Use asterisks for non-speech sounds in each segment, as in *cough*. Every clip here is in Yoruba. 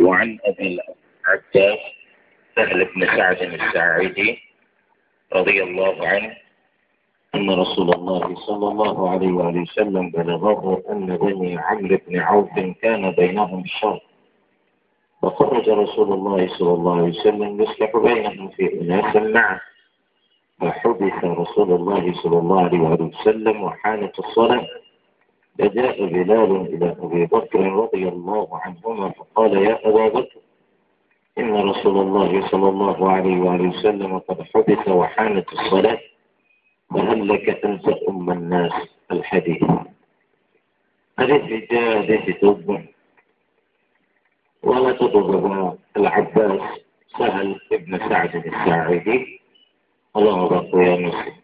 وعن أبي العباس سهل بن سعد الساعدي رضي الله عنه أن رسول الله صلى الله عليه وآله وسلم بلغه أن بني عمرو بن عوف كان بينهم شر فخرج رسول الله صلى الله عليه وسلم يصلح بينهم في أناس معه فحبس رسول الله صلى الله عليه وآله وسلم وحانت الصلاة فجاء بلال إلى أبي بكر رضي الله عنهما فقال يا أبا بكر إن رسول الله صلى الله عليه وآله وسلم قد حدث وحانت الصلاة فهل لك أنت أم الناس الحديث هذه الحجاج حديث توبة ولا تطلب العباس سهل ابن سعد الساعدي اللهم بارك يا مسلم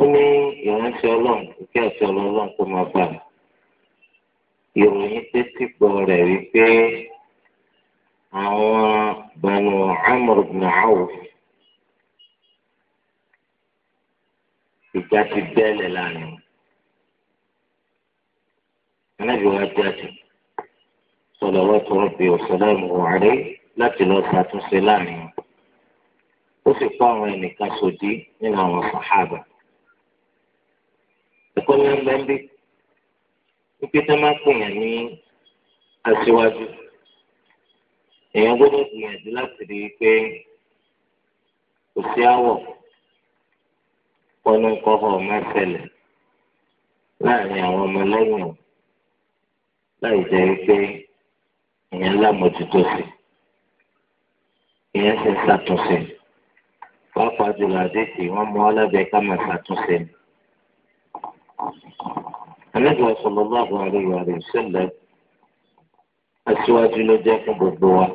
ó ní ìránṣẹ́ ọlọ́run ìfẹ́ àti ọlọ́run kó máa bà mí. ìròyìn tẹ́tí gbọ́ rẹ̀ wípé àwọn bànú amr ibn Auf ìjà ti bẹ́ẹ̀lẹ̀ lánàá. anábì wa jáde salawatu rabbi wa salamuhu alayhi láti lọ ṣàtúnṣe lánàá. ó sì kó àwọn ẹnìkan sòdí nínú àwọn sàhábà ẹ̀kọ́ ní ẹgbẹ́ńbí wípé tó máa pèèyàn ní aṣíwájú èèyàn gbọ́dọ̀ gbìyànjú láti rí i pé kò sí àwọ̀ pọnú kọ́kọ́ máa ṣẹlẹ̀ láàrin àwọn ọmọlẹ́yìn o láì jẹ́ pé èèyàn lámòjútó sí èèyàn ṣe ń ṣàtúnṣe pàápàá jùlọ àdéhìí wọ́n mú ọ lábẹ́ ká máa ṣàtúnṣe ni àlejò sallallahu alaihi wa sallam aṣíwájú ló jẹ́ fún gbogbo wa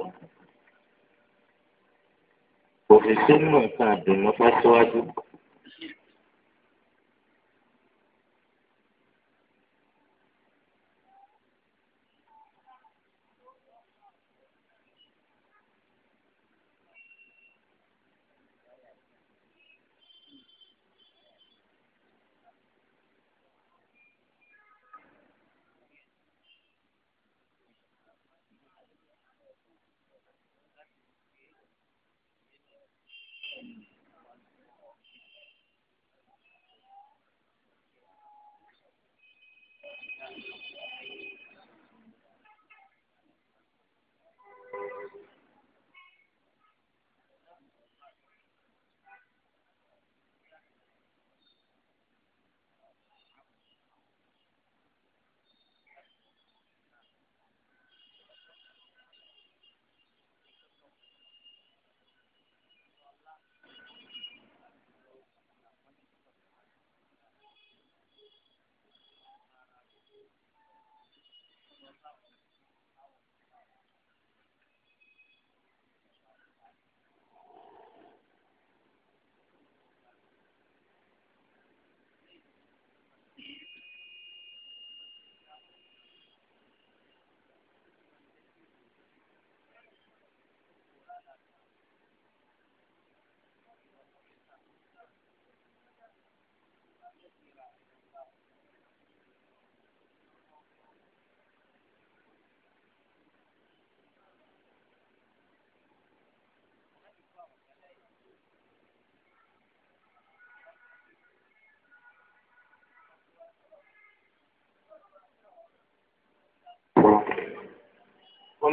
òfìsí nù nǹkan àdùnnú fáṣíwájú.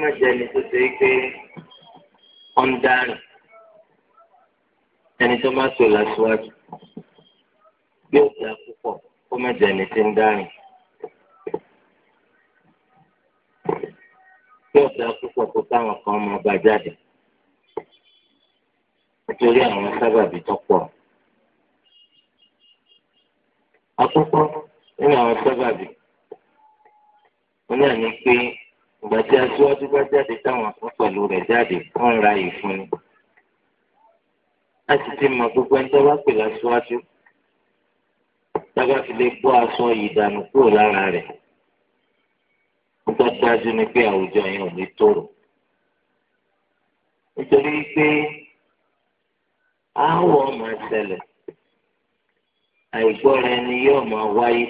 má jẹ́ ẹni tó ṣe pé ó ń dárìn ẹni tó má sọ lásìwájú yóò dá púpọ̀ kó má jẹ́ ẹni tí ń dárìn. yóò dá púpọ̀ kó táwọn kan máa bá jáde nítorí àwọn sábàbí tó pọ̀. àkọ́kọ́ nínú àwọn sábàbí wọn náà ní pé ìgbà tí aṣíwájú bá jáde táwọn kan pẹ̀lú rẹ̀ jáde wọ́n ra ìfúnni. a sì ti mọ gbogbo ẹni tó bá pè láṣíwájú tábà fi lè gbọ́ aṣọ yìí dànù kúrò lára rẹ̀. ó tọ́ dájú ni pé àwùjọ yẹn ò ní tòrò. nítorí pé aáwọ̀ máa ṣẹlẹ̀ àìgbọ́ra ẹni yóò máa wáyé.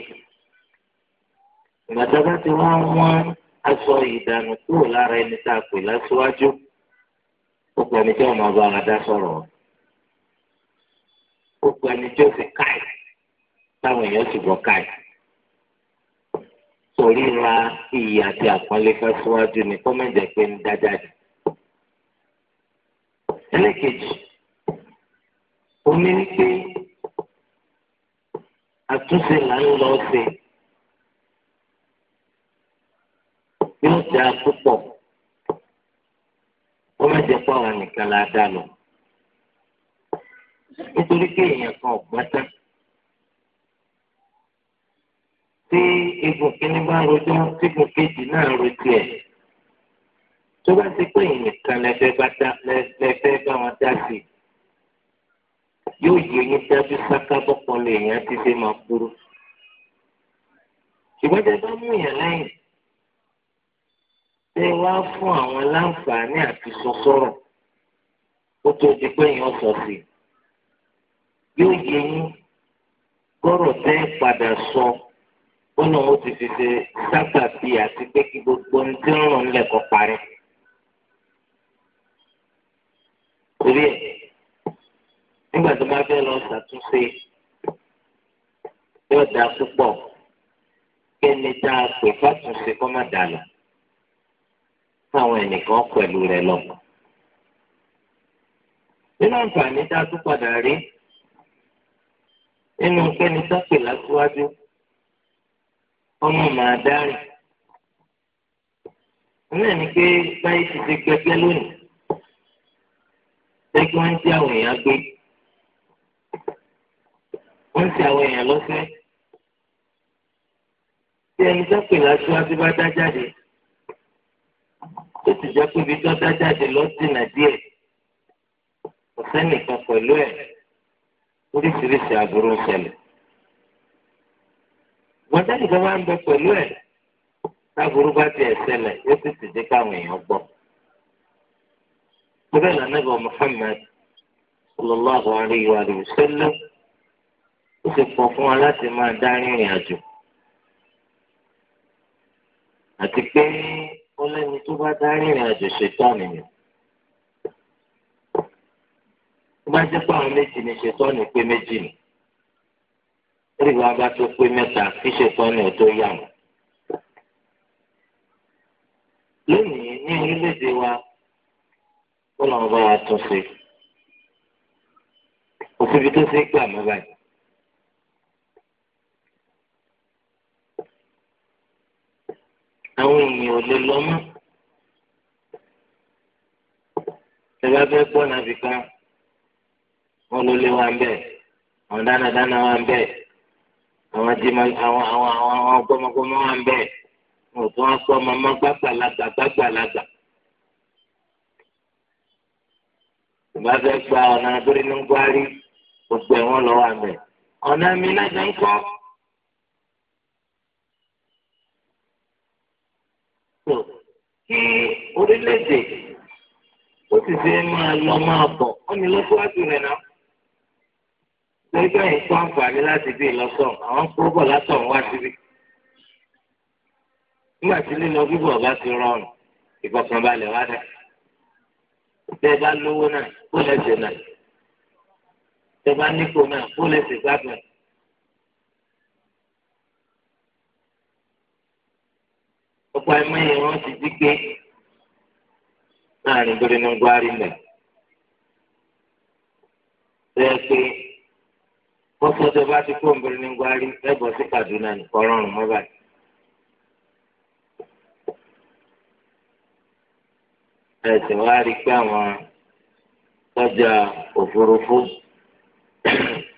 ìgbà tó bá ti wá wọ́n aṣọ ìdànù kúrò lára ẹni tá a pè láṣíwájú ó gba ẹni tí wọn máa bá ara dá sọ̀rọ̀ ó gba ẹni tí ó fi káì táwọn èèyàn sì gbọ́ káì torí ra iyì àti àpọ́nlé fẹ́ ni kọ́mẹ̀jẹ̀ pé ń dá jáde. ẹlẹ́kejì omi wípé àtúnṣe là ń lọ ṣe. yóò dáa púpọ̀ ó má jẹ́ pé àwọn nìkan la dá lọ nítorí pé èèyàn kan ọ̀gbọ́n tán tí egbò kínní bá rojọ́ tí egbò kejì náà rojú ẹ̀ tó bá ti pé èèyàn nìkan lẹ́fẹ́ bá wọn dá sí yóò yẹ yín dájú sáká bọ́pọ̀ lè yàn ti ṣe máa kúrú ṣùgbọ́n tẹ bá mú yàn lẹ́yìn tẹ wá fún àwọn láǹfààní àti sọsọrọ ó tó di pé èèyàn sọ sí i yóò yẹ yín gbọ́rọ̀ tẹ́ padà sọ ó náà ó ti fi ṣe sábàbí àti pé kí gbogbo ohun tí ń rùn lẹ́kọ̀ọ́ parí. torí ẹ̀ nígbà tó bá fẹ́ lọ ṣàtúnṣe yóò dáa púpọ̀ kí ẹni tá pè fàtúnṣe kọ́ má dà lọ táwọn ẹnìkan pẹ̀lú rẹ̀ lọ. nínú àǹfààní tá a tún padà rí nínú kẹ́ni sápè lásìwájú ọmọ màá dárìn. náà ni pé báyìí ti di gbẹgbẹ lónìí pé kí wọ́n ń tí àwọn èèyàn gbé wọ́n ń tí àwọn èèyàn lọ́sẹ̀ tí ẹni sápè lásìwájú bá dá jáde. ó sì jẹ́ pé ibi tó dájáde ló dìnà díẹ̀ kò sẹ́nìkan pẹ̀lú ẹ̀ oríṣiríṣi àbúrò ṣẹlẹ̀. wọ́n sẹ́nìkan máa ń bẹ pẹ̀lú ti dé káwọn èèyàn gbọ́. Bẹ́ẹ̀ Muhammad sallallahu alayhi wa sallam ó sì pọ̀ fún wa láti máa dá rìnrìn àjò. Àti pé ó lẹ́ni tó bá dá rìnrìn àjò ṣètọ́ni ni tó bá jẹ́ pé àwọn méjì ni ṣètọ́ni pé méjì ni eréwà bá tó pé mẹ́ta kí ṣètọ́ni ò tó yà wọ́n. lónìí ní orílẹ̀-èdè wa ó lọ́n bá wa tún ṣe òfin tó ṣe é gbà mọ́ báyìí. àwọn èèyàn ò lè lọ mọ́. ìjọba fẹ́ pọ̀ nàbì kan wọn ló lé wa ń bẹ̀ àwọn dánadáná wa ń bẹ̀ àwọn jìmọ̀ àwọn àwọn àwọn gbọmọgbọmọ wa ń bẹ̀ wọn ò tún wá pọ̀ mọ́mọ́ gbàgbàlagbà gbàgbàlagbà. ìjọba fẹ́ gba ọ̀nà abúlé ní gbárí gbogbo ẹ̀ wọ́n lọ wà mẹ́ ọ̀nà mi náà jẹ́ ń kọ́. kí orílẹ̀-èdè ó sì ṣe máa lọ máa bọ̀ ó ní lọ́síwájú rẹ̀ náà. Lẹ́gbẹ́ yìí kó àǹfààní láti bí ìlọ́sọ̀n, àwọn kó bọ̀ látọ̀n wá síbí. Nígbà tí lílọ bíbọ̀ bá ti rọrùn, ìfọ̀kànbalẹ̀ wá dẹ̀. Bẹ́ẹ̀ bá lówó náà, kó lẹ́sẹ̀ náà. Bẹ́ẹ̀ bá nípò náà, kó lẹ́sẹ̀ gbádùn ọ̀pọ̀ ẹ̀mọ́ yẹn wọ́n ti dí pé láàrin torí ní gbárí mẹ́. Bẹ́ẹ̀ pé wọ́n sọ tó bá ti kó nbẹ̀rẹ̀ ní gbárí ẹ̀bọ̀ sí Kaduna nìkan rọrùn mọ́ báyìí. Ẹ̀sìn wá rí pé àwọn sọ́jà òfurufú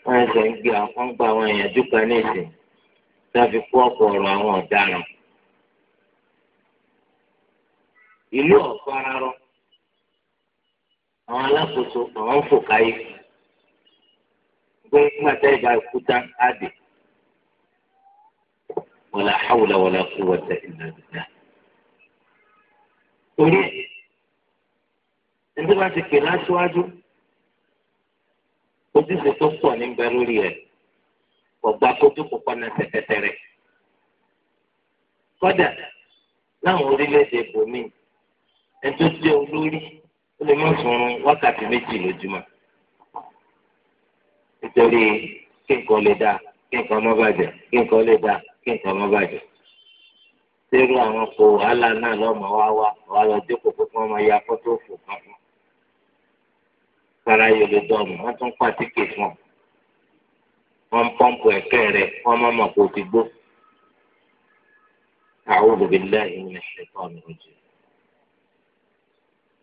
wọ́n ẹsẹ̀ ń gbé àwọn gbà àwọn èèyàn dúkà ní ìsìn tí kó ọ̀pọ̀ ọ̀rọ̀ àwọn ọ̀daràn. ìlú ọ̀fara rọ àwọn alákòóso àwọn ń fò káyé gbé gbàtà ìgbà òkúta àdè wala hawla wala quwwata illa billah torí ẹ ẹni bá ti pè láṣíwájú ojúṣe tó pọ̀ níbẹ̀ lórí ẹ̀ ọ̀gbà kojú púpọ̀ náà tẹ̀tẹ̀tẹ̀rẹ̀ kọ́dà láwọn orílẹ̀-èdè bòmíì ẹjọ́ jẹ́ olórí ó lè má sùn wákàtí méjì lójúmọ́ nítorí kí nǹkan lè dáa kí nǹkan má bàjẹ́ kí nǹkan lè dáa kí nǹkan má bàjẹ́ sẹ́rù àwọn kò wàhálà náà lọ́mọ wá wá wàá lọ jókòó pé wọ́n máa ya fọ́tò fò kankan sára yóò lè dọ̀nù wọ́n tún pa tíkètì wọn wọ́n pọ́ǹpù ẹ̀kẹ́ rẹ̀ wọ́n má mọ̀ kó ti gbó. A'udhu billahi minash shaitani rajim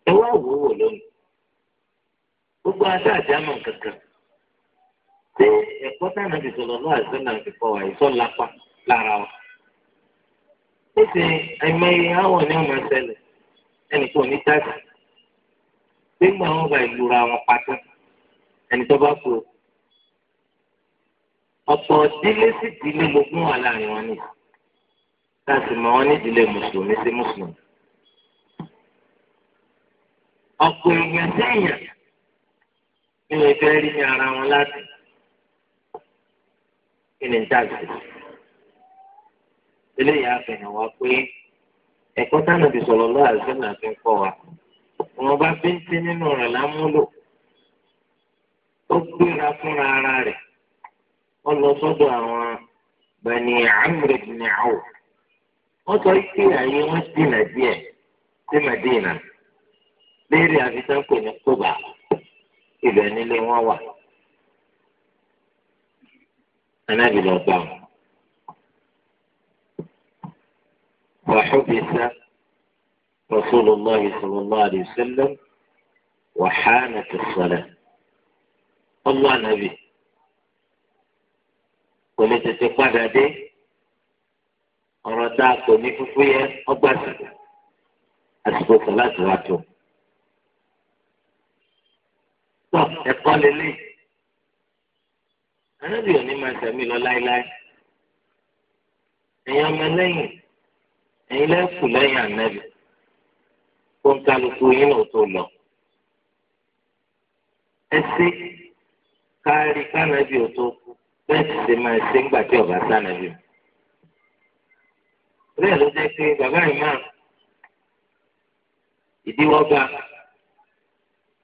ẹ wá wò wò lónìí gbogbo ata àjámọ̀ kankan ṣé ẹ̀kọ́ táwọn ti sọ̀rọ̀ lọ́wọ́ àìsàn àti kọ́ àìsàn lápá lára wa ó ṣe àìmọye àwọn ní ọmọ ẹsẹ̀lẹ̀ ẹnì kò ní táàsì pé gbà wọn bá ìlúra wọn pátá ẹnì tó bá kú ọ̀pọ̀ dílé sí dílé lógún wà láàrin wọn nìyí táàsì mọ́ wọn ní ìdílé mùsùlùmí sí mùsùlùmí. ọ̀pọ̀ èèyàn sẹ́yìn ni wọ́n fẹ́ rí ní ara wọn láti kí ni dàgbà eléyìí àfihàn wa pé ẹ̀kọ́ tánàbì sọ̀rọ̀ lọ́wọ́ àìsàn àti ńkọ́ wa wọn bá fi ń nínú rẹ̀ lámúlò ó gbéra fúnra ara rẹ̀ ó lọ sọ́dọ̀ àwọn wọ́n sọ pé wọn dínà díẹ̀ sí léèrè àfisánkò ní kóbà ibẹ̀ nílé wọn wà anábì lọ bá wọn. وحبس رسول الله صلى الله عليه وسلم وحانت الصلاة الله نبي ولت تقعد دي أردت أن يكون فيها أبسط أسبوع tọ ẹ̀kọ́ lélẹ̀ anábì òní máa tẹ̀mí lọ láéláé ẹ̀yin ọmọ lẹ́yìn ẹ̀yin lẹ́kù lẹ́yìn ànábì kó ń kálukú yín náà tó lọ ẹsẹ kárí kánábì ò tó bẹ́ẹ̀ sì ṣe máa ṣe ńgbà tí ọba sánábì bẹ́ẹ̀ ló jẹ́ pé bàbá yìí máa ìdíwọ́ bá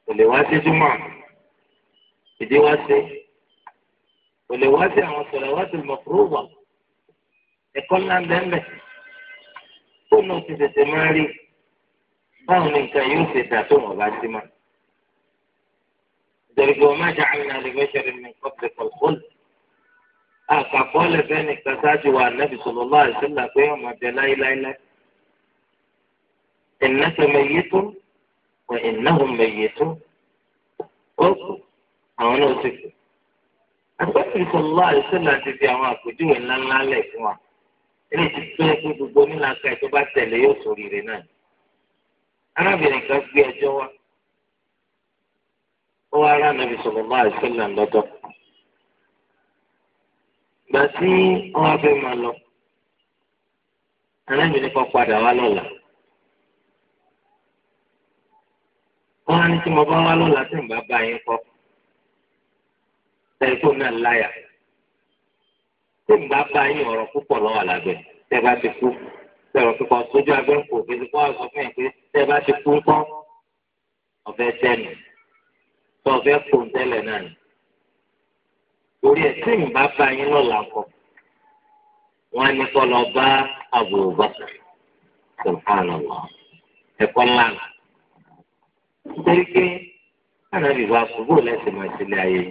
kò lè wá sí júmọ̀ ìdí wá sí kò lè wá sí àwọn sọ̀rọ̀ wá sí mọ̀kúrúwà ẹ̀kọ́ ńlá bẹ́ẹ̀ kó náà ti tètè máa rí báwo ni nǹkan yóò ṣe dà tó wọ́n bá sí mọ́. nítorí pé wọ́n àmì náà lè mẹ́sẹ̀rẹ̀ mi nǹkan pẹ̀lú kọ̀ọ̀kọ́lù. àkàkọ́ lẹ́fẹ́ nìkan ṣáájú wa nàbì sọ̀rọ̀ lọ́wọ́ àìsílà pé wọ́n máa bẹ láíláíláí. ìnáṣẹ́ mẹ́yìí tó wa innahum mayyitun ó kù àwọn náà ti kù. àgbẹ̀fẹ̀ ìfọ̀lọ́ àìsàn láti fi àwọn àpèjúwe ńláńlá lẹ̀ fún wa ilé ti pé pé gbogbo onílàkà ẹ̀ tó bá tẹ̀lé yóò sórí rẹ̀ náà. arábìnrin kan gbé ẹjọ́ wá ó wá rá nàbì sallallahu alaihi wasallam lọ́dọ̀. gbà tí wọ́n á fẹ́ máa lọ arábìnrin kan padà wá lọ́la. wọn á ní tí mo bá wá lọ́la tí n bá bá yín kọ́ tẹ̀lé tó náà láyà tí n bá bá yín ọ̀rọ̀ púpọ̀ lọ́wọ́ àlàbẹ̀ tẹ́ bá ti kú tẹ̀rọ̀ pípa sójú abẹ́ kò fèsì kó àgbọ̀ fún yín pé tẹ́ bá ti kú kọ́ ọ̀fẹ́ tẹ́nu tó ọ̀fẹ́ kò ń tẹ́lẹ̀ náà ni torí ẹ̀ tí n bá bá yín lọ́la kọ́ wọn á ní kọ́ lọ bá Abu Bakr subhanallah ẹ̀kọ́ lánàá nítorí pé ànábì bá ṣubú lẹ́sìn máa ṣẹlẹ̀ ayé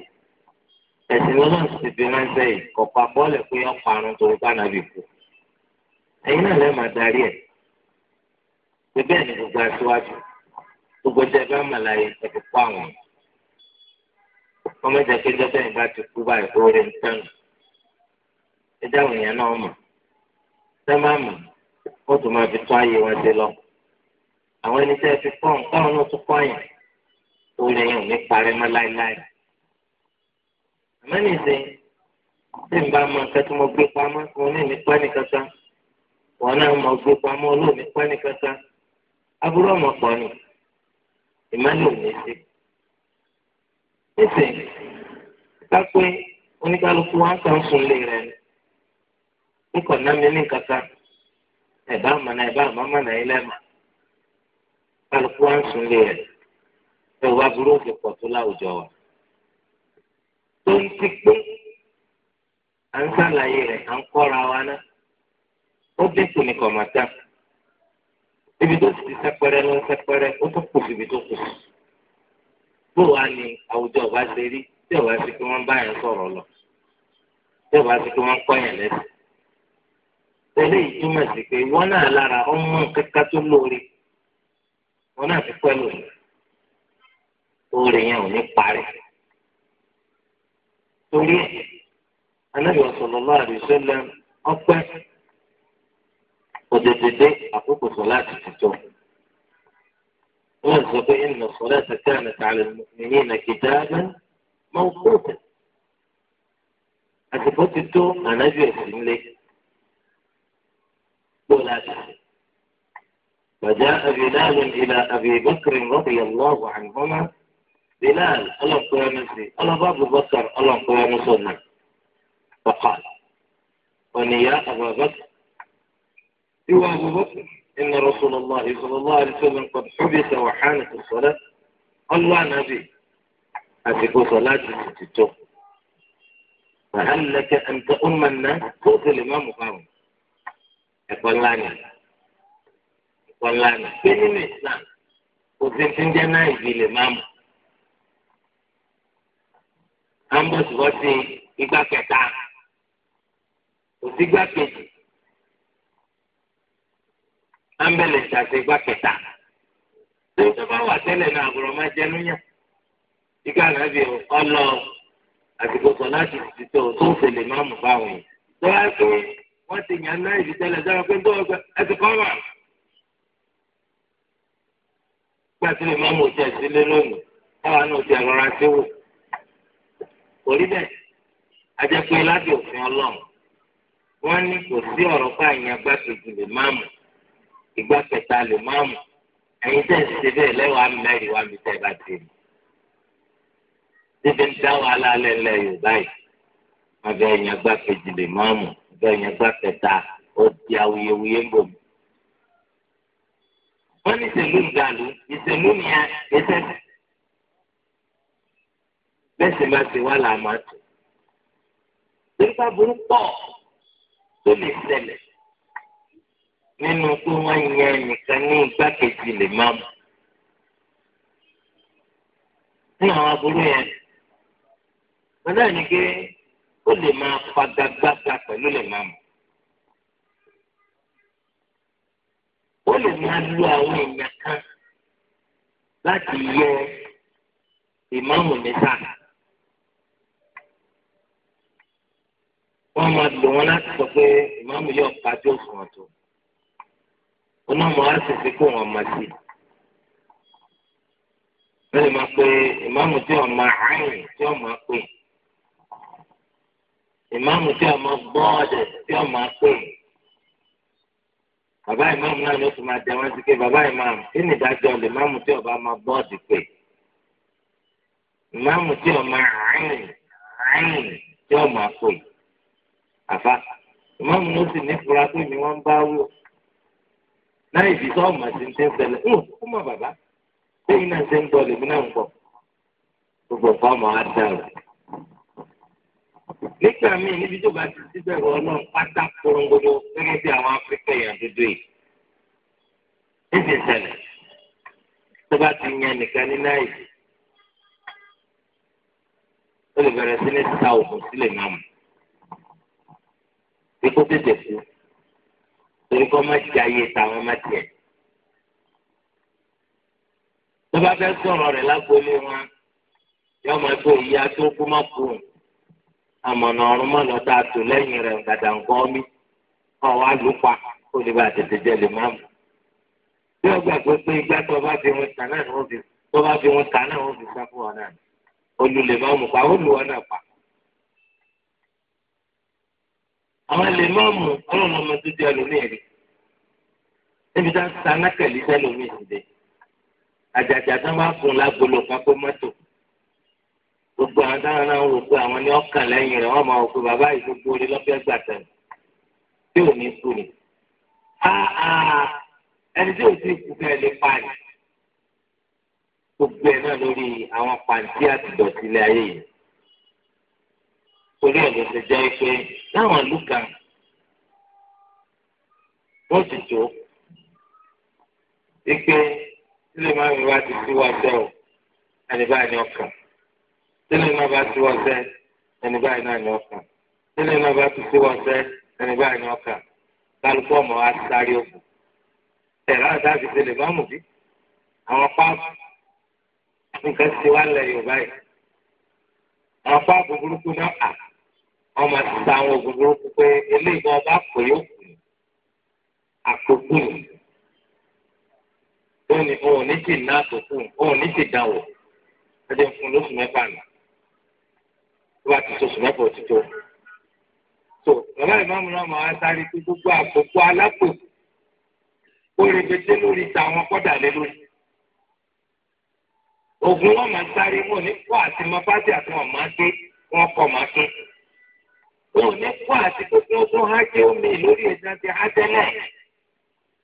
ẹ̀sìn ọlọ́run ti fi ránṣẹ́ yìí kọ̀ọ̀pá bọ́ọ̀lẹ̀ pé ọ̀pá àrùn tó ń bá ànábì kú ẹ̀yin náà lẹ́ẹ̀ máa darí ẹ̀ pé bẹ́ẹ̀ ni gbogbo aṣíwájú gbogbo jẹ́ bá màláyé ẹ̀ fi kó àwọn ọmọ ìjà péjọ bẹ́ẹ̀ bá ti kú báyìí oore ń tán ẹjọ́ àwọn èèyàn náà mọ̀ sẹ́ẹ̀ má mọ̀ wọ́n tún máa fi tún ayé wọn ṣe lọ́kọ̀. àwọn ẹni tẹ́ ẹ fi kọ́ nǹkan náà tún kọ́ yẹn tó lè yàn ní parẹ́ mọ́ láéláé. àmọ́ nìsín tí n bá mọ nǹkan tí mo gbé pamọ́ ma ní nípa nìkankan wọn náà mọ gbé pamọ́ olóò nípa ni sí. ká pé oníkálukú wa sùn mi kálukú wa ń sùn lé rẹ̀ tó o bá burú òkè pọ̀ tó láwùjọ wa. torí ti pé à ń sàlàyé rẹ̀ à ń kọ́ra wa ná ó dínkù ní kọ̀mọ̀tà ibi tó ti sẹ́pẹ́rẹ́ ló ń sẹ́pẹ́rẹ́ ó tó kù síbi tó kù sí. bó wa ni àwùjọ ọba ṣe rí tí ọba ṣe kí wọ́n bá yẹn sọ̀rọ̀ lọ tí ọba ṣe kí wọ́n kọ́ yẹn lẹ́sìn. tẹ́lẹ̀ ìtumọ̀ sí pé wọ́n náà lára ọmọ kẹ́kẹ́ tó lóore wọn náà ti pẹ́ lónìí oore yẹn ò ní parí torí ẹ Ànábì sallallahu alaihi wasallam ọpẹ́ òdèdèdè àkókò sọlá ti tìjọ wọn sọ pé inna salata kanat ala al-mu'minina kitaban mawquta àsìkò ti tó Ànábì ẹsìn lé gbọlá tàbí. فجاء بلال إلى أبي بكر رضي الله عنهما بلال ألم قيامتي ألم أبو بكر ألم قيامتنا نعم. فقال وني يا أبا بكر يا أبو بكر إن رسول الله صلى الله عليه وسلم قد حبس وحانت الصلاة الله نبي أتكو صلاة تتو فهل لك أن تؤم الناس قلت الإمام قام يقول لا kọ́lá nà pé nínú islam kò sí ti ń jẹ́ náà ìbílẹ̀ máa mọ̀. à ń bọ̀ síbọ̀ sí igbá kẹta kò sí igbá kejì à ń bẹ̀lẹ̀ ṣàṣẹ igbá kẹta. tó tó bá wà tẹ́lẹ̀ náà àbúrò máa jẹ́ núyàn. ìgbà náà bí ọlọ àsìkò sọ láti ti tó tó fèlè máa mọ̀ báwọn yìí. tó wá pé wọ́n ti yàn náà ìdí tẹ́lẹ̀ dára pé tó ẹsẹ̀ kọ́ wà. gbàtí lè má mọ̀ tẹ̀ sílé lónìí káwa náà ti àrọ́ra sí wò. kò rí bẹ́ẹ̀ ajẹ́pẹ́ láti òfin ọlọ́run wọ́n ní kò sí ọ̀rọ̀ báyìí agbákejì lè má mọ̀ ìgbà kẹta lè má mọ̀ ẹ̀yin tẹ̀ ń ṣe bẹ́ẹ̀ lẹ́wàá mẹ́rin wá mi tẹ̀ bá ti mọ̀. síbi ń dá wàhálà lẹ́lẹ́ yorùbá yìí abẹ́ ẹ̀yin agbákejì lè má mọ̀ abẹ́ ẹ̀yin agbákẹta ó di awuyewuye ń bò mí wọ́n ní ìṣèlú ìdàlú ìṣèlú nìyẹn ẹsẹ̀ bẹ́sẹ̀ máa ṣe wá làá máa tù. Nípa burú pọ̀ tó lè ṣẹlẹ̀ nínú pé wọ́n yan ẹnìkan ní igbákejì lè máa mú. Ní àwọn aburú yẹn, wọ́n náà ní pé ó lè máa fagagbága pẹ̀lú lè máa mú. ó lè máa lo àwọn èèyàn kan láti yọ ìmáàmù mẹ́ta. wọ́n máa lò wọ́n láti sọ pé ìmáàmù yóò pàdé òfin ọ̀tọ̀. onáwó á sì fi kó wọn máa sí. wọ́n lè máa pe ìmáàmù tí wọ́n máa àyìn tí wọ́n máa pè. ìmáàmù tí wọ́n máa gbọ́ ọ̀dẹ̀ tí wọ́n máa pè bàbá ìmáàmù náà ló tún máa jẹ wọn sí pé bàbá ìmáàmù kí ni ìdájọ́ lè máàmù tí ọba máa bọ́ọ̀dì pé ìmáàmù tí ọmọ àárín àárín tí ọmọ àpò yìí àfa ìmáàmù ló sì ní fura pé ni wọ́n bá wò láì fi sọ ọmọ sí ti ń ṣẹlẹ̀ ń kú mọ bàbá lẹ́yìn náà ṣe ń gbọ́ lèmi náà ń bọ̀ gbogbo ọmọ á dára nígbà míì níbi tó bá ti síbẹ̀ wọ náà pátá korongodo gẹ́gẹ́ bí àwọn Áfíríkà yẹn dúdú yìí níbi ìṣẹ̀lẹ̀ tó bá ti yan nìkan ní náà yìí ó lè bẹ̀rẹ̀ sí ní ta òògùn sílẹ̀ náà mọ̀ pé kó tètè kú torí kó má jẹ ayé táwọn má tiẹ̀ tó bá fẹ́ sọ̀rọ̀ rẹ̀ lágbo lé wọn yọ ọmọ ẹgbẹ́ òyìnbó tó má kú òun àmọ̀nà ọ̀run mọ́ lọ tá a tò lẹ́yìn rẹ̀ gàdàǹkọ́ mi kọ́ wa lù pa kó lè bá tètè jẹ lè má mu. bí wọ́n gbà pé pé igbá tó bá fi wọn kà náà ni wọ́n fi tó bá fi wọn kà náà wọ́n fi sá fún wọn náà olù lè má mu pa ó lù wọn náà pa. àwọn lè má mu ọlọ́run ọmọ tó di ẹlòmíì rí níbi tá a sanákẹ̀lì sẹ́lòmíì sí de àjàjà tó bá fún un lágbolo kápó mọ́tò gbogbo àwọn táwọn náà rò pé àwọn ní ọkàn lẹ́yìn rẹ̀ wọ́n máa wò pé bàbá yìí gbogbo orí lọ́fẹ́ gbàtà tí ò ní kú ni. ẹni tí ò sí kú fẹ́ lè pa ni. gbogbo ẹ̀ náà lórí àwọn pàǹtí àti dọ̀tí ilé ayé yìí. torí ẹ̀ ti jẹ́ pé láwọn ìlú kan wọ́n ti tó pé ilé máa ń wá ti síwájú ẹ̀ o àdìbá ni ọkàn tẹ́lẹ̀ náà bá ti wọ́n sẹ́ ẹni báyìí náà ní ọkàn tẹ́lẹ̀ náà bá ti ti wọ́n sẹ́ ẹni báyìí ní ọkàn kálukú ọmọ wa sáré òkú tẹ̀lé àdáàbí tẹ́lẹ̀ bá mú bí àwọn páàpù nǹkan ti wá lẹ̀ Yorùbá yìí àwọn páàpù burúkú náà à wọ́n máa ti ta àwọn oògùn burúkú pé eléyìí náà bá pè é òkú àkókò yìí òun ní ti ná àkókò òun ní ti dáwọ̀ ẹjẹ fún lóṣù mẹ́fà náà tó bá ti tó sùn mẹ́fọ̀ ti tó. tó bàbá ìmáàmù náà máa sáré pé gbogbo àkókò alápò ó rẹpẹtẹ lórí tàwọn kọ́dà lé lórí. ògùn wọn máa sáré wọn ní kó àti máa bá sí àti wọn máa dé wọn kọ máa tún. wọn ò ní kó àti pé kí wọn tún hájẹ omi lórí ẹja ti hájẹ náà.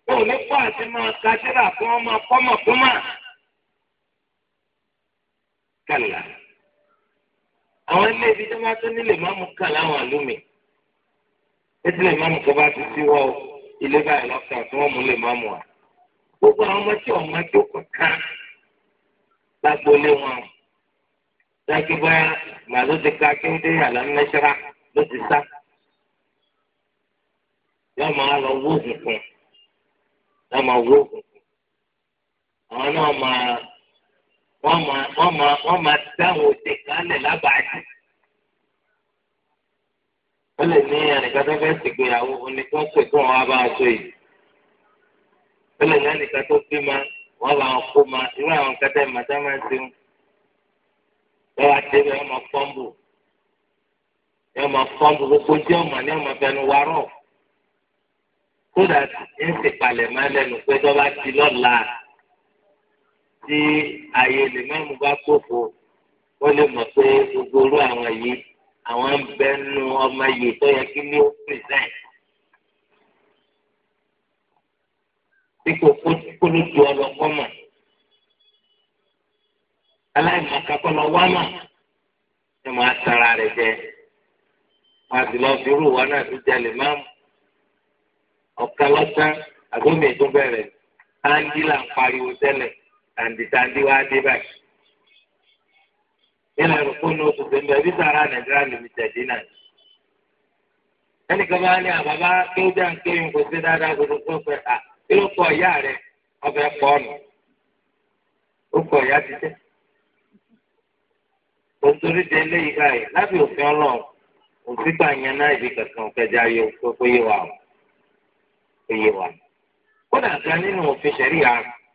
wọn ò ní kó àti máa ka síra kí wọn máa àwọn ilé ibi tó bá tó nílé máàmù kan láwọn àlùmí ètùlẹ̀ máàmù kan bá ti sí wọ́ ilé báyìí lọ́kàn tí wọ́n mú lè máàmù wa gbogbo àwọn ọmọ tí ọmọ tó kọ̀ọ̀kan lágbolé wọn dájú báyà màlúù ti ka kí ó dé àlámẹ́sẹ́rà ló ti sá yóò máa lọ wó òkùnkùn yóò máa wó òkùnkùn àwọn náà máa wọ́n máa wọ́n máa wọ́n máa dáhùn òde kálẹ̀ lábàájì. ó lè ní ẹnìkan tó fẹ́ ṣègbéyàwó oníkan pè kó wọn wá bá aṣọ yìí. ó lè ní ẹnìkan tó bí ma wọ́n bá wọn kó ma irú àwọn kẹtẹ́ màtá máa ń ṣeun. lọ́wọ́ àtẹ́bẹ̀ ọmọ pọ́ńbù ọmọ pọ́ńbù gbogbo jẹ́ ọmọ ní ọmọ bẹnu warọ̀. kódà ń ṣèpalẹ̀ máa lẹ́nu pé tó bá ti lọ́la. tí ààyè lè mẹ́mu bá tófò ó lè mọ̀ pé gbogbo orú àwọn yìí àwọn ń bẹ́ nu ọmọ yìí tó yẹ kí ní ó pèsèǹt. tí kò kólódù ọlọ́kọ́ mọ̀ aláìmọ̀ká kọ́ lọ wá mọ̀ ẹ máa tara rẹ̀ jẹ wọn àti lọ fi irú náà ti jalè tàǹdìtàǹdì wá dé báyìí nínú ẹrùkú ní oṣù tó ń bẹ bí sàrà nàìjíríà limited náà ẹnìkan bá ní àbábá kéwúdà ń kéwìn kò sí dáadáa kò tó tó fẹ na kí kọ ìyá ó kọ ìyá ti báyìí lábẹ́ ibi kankan kẹjá yọ kó yé wa o kó yé wa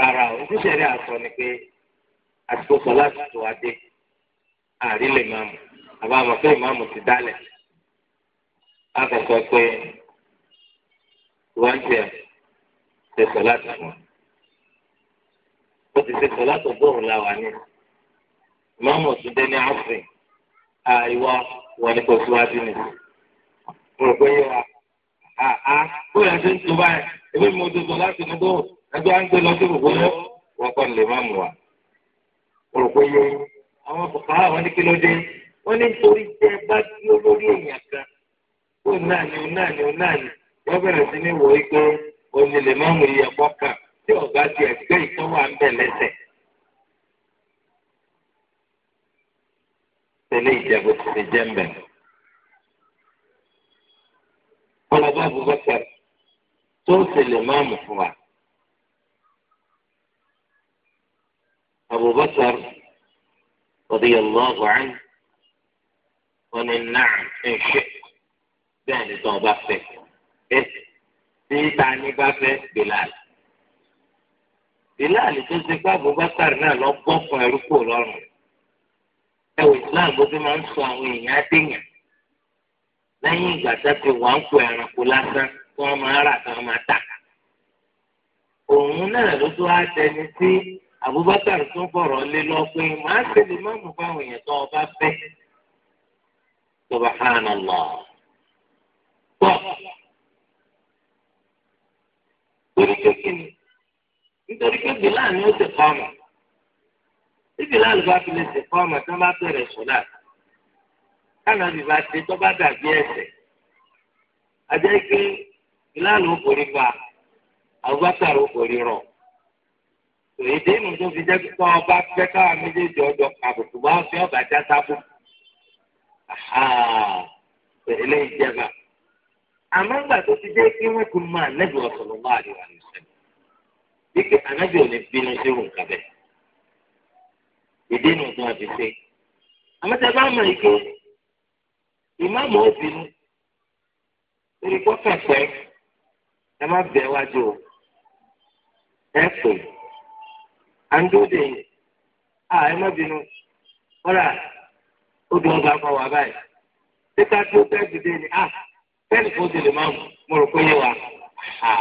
rárá o ìdíṣẹ́ rẹ̀ àsọ ni pé àsìkò sọ láti tó adé àrí lè máa mú àbá àmọ̀ pé ìmáàmù ti dálẹ̀ akẹ́kọ̀ọ́ pé wọ́n ti ṣe sọ láti fún un ó ti ṣe sọ láti bóun la wà ní ìmáàmù ọ̀tún dé ní áfírín àìwá wọn ni kò síwájú nì mo rò pé yóò wá àá bóyá ṣe ń tó báyìí ebi mo tó sọ láti ní bóun ẹgbẹ́ à ń gbé lọ sí gbogbo wọn kọ́ lè má mú wa. olùkọ́ yẹ àwọn kọ̀ọ̀kọ́ àwọn ní kí wọ́n ní nítorí jẹ́ bá tí olórí èèyàn kan ó náà ni ó náà ni ó náà ni wọ́n bẹ̀rẹ̀ sí ní wọ̀ pé òní lè má mú iye pọ́ kà tí ọ̀gá ti ẹ̀gbẹ́ ìtọ́wà ń bẹ̀ lẹ́sẹ̀. tẹ̀lé ìjẹ̀bù ti ti jẹ́ mbẹ̀. ọlọ́gbà Abubakar tó ń lè má mú fún wa. أبو بكر رضي الله عنه ومن نعم إن شئت بأن توبة tí tani bá fẹ́ bilal bilal tó ṣe pé abubakar náà lọ bọ́ fún ẹrú kò lọ́rùn ẹ wò islam bó ti máa ń sọ àwọn èèyàn adéyàn lẹ́yìn ìgbà tá ti wà ń kó ẹranko lásán tí wọ́n máa rà tí wọ́n máa tà òun náà ló tó á tẹni sí Abubakar tó bọ̀rọ̀ lé lọ pé màá ṣe lè má mú báwọn èèyàn tó ọba fẹ́. Subhanallah. Tọ́ torí kékeré nítorí èdè inú tó fi jẹ́ kó ọba fẹ́ káwa méjèèjì ọjọ́ àbùkù bá fi ọba já sábò eléyìí jẹba àmọ́ ńgbà tó ti jẹ́ pé wọ́n ti mọ ànábì ọ̀sọ̀rọ̀ bá àríwá ní sẹ́yìn wípé ànábì ò ní bínú sí òun kábẹ́ èdè inú tó wọ́n fi ṣe àmọ́ tẹ bá mọ̀ ike ìmáàmù ó bínú torí ẹ má bẹ̀ wájú o ẹ à ń dúró dè yín à ẹ má bínú ọ̀rà ó dùn ọgbà kan wà báyìí títà tó bẹ́ẹ̀ dìde ni à bẹ́ẹ̀ni kò dìde máa mú mo rò pé yé wa à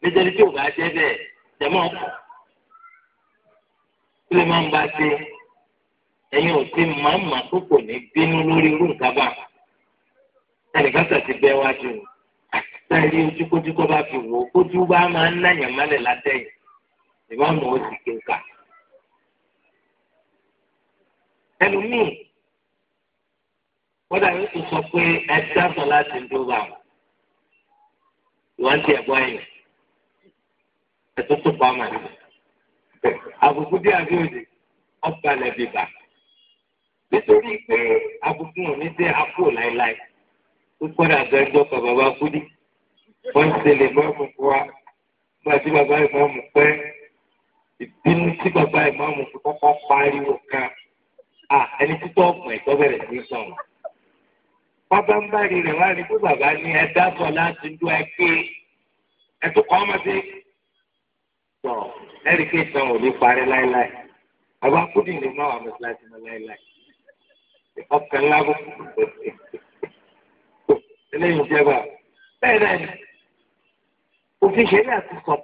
nítorí tí ò bá jẹ́ bẹ́ẹ̀ jẹ́mọ́ kí lè máa ń bá ṣe ẹ̀yin ò sí màmá tó kò ní bínú lórí irú nǹkan bá ẹnìkan tàbí bẹ́ẹ̀ wájú àti táyé ojúkójú kọ́ bá fi wò ó kójú bá máa ń náyàn mọ́lẹ̀ látẹ̀yìn. ìmáàmù ó sì ké ká. ẹlòmíì kódà yóò tún sọ pé ẹ dáàbò láti ń dóba àwọn ìwádìí ẹ̀gbọ́n ẹ̀yìn ẹ̀tún tó pa ọmọ rẹ̀. àbùkù bí àbíòde ọba lẹ́bi bà nítorí pé àbùkù wọn ní dé àpò láéláé ó kódà gbẹ́jọ́ kan bàbá kúdí wọ́n ń lè mọ́ ọmọ fún wa gbàtí bàbá ìmọ̀ ọmọ ìbínú tí bàbá ìmáàmù fi kọ́kọ́ pariwo kan à ẹni títọ́ ọ̀pọ̀ ẹ̀tọ́ bẹ̀rẹ̀ sí sọ̀rọ̀. bàbá ń bárí rẹ̀ wá rí pé bàbá ní ẹ dábọ̀ láti dún ẹ pé ẹ tó kọ́ ọmọdé. sọ ẹnì kí ìtàn ò ní parí láéláé bàbá kúndì ní máa wà mọ́sálásí mọ́ láéláé ọkàn ńlá kò eléyìí jẹba bẹ́ẹ̀ náà òfin ṣẹlẹ̀ àti sọ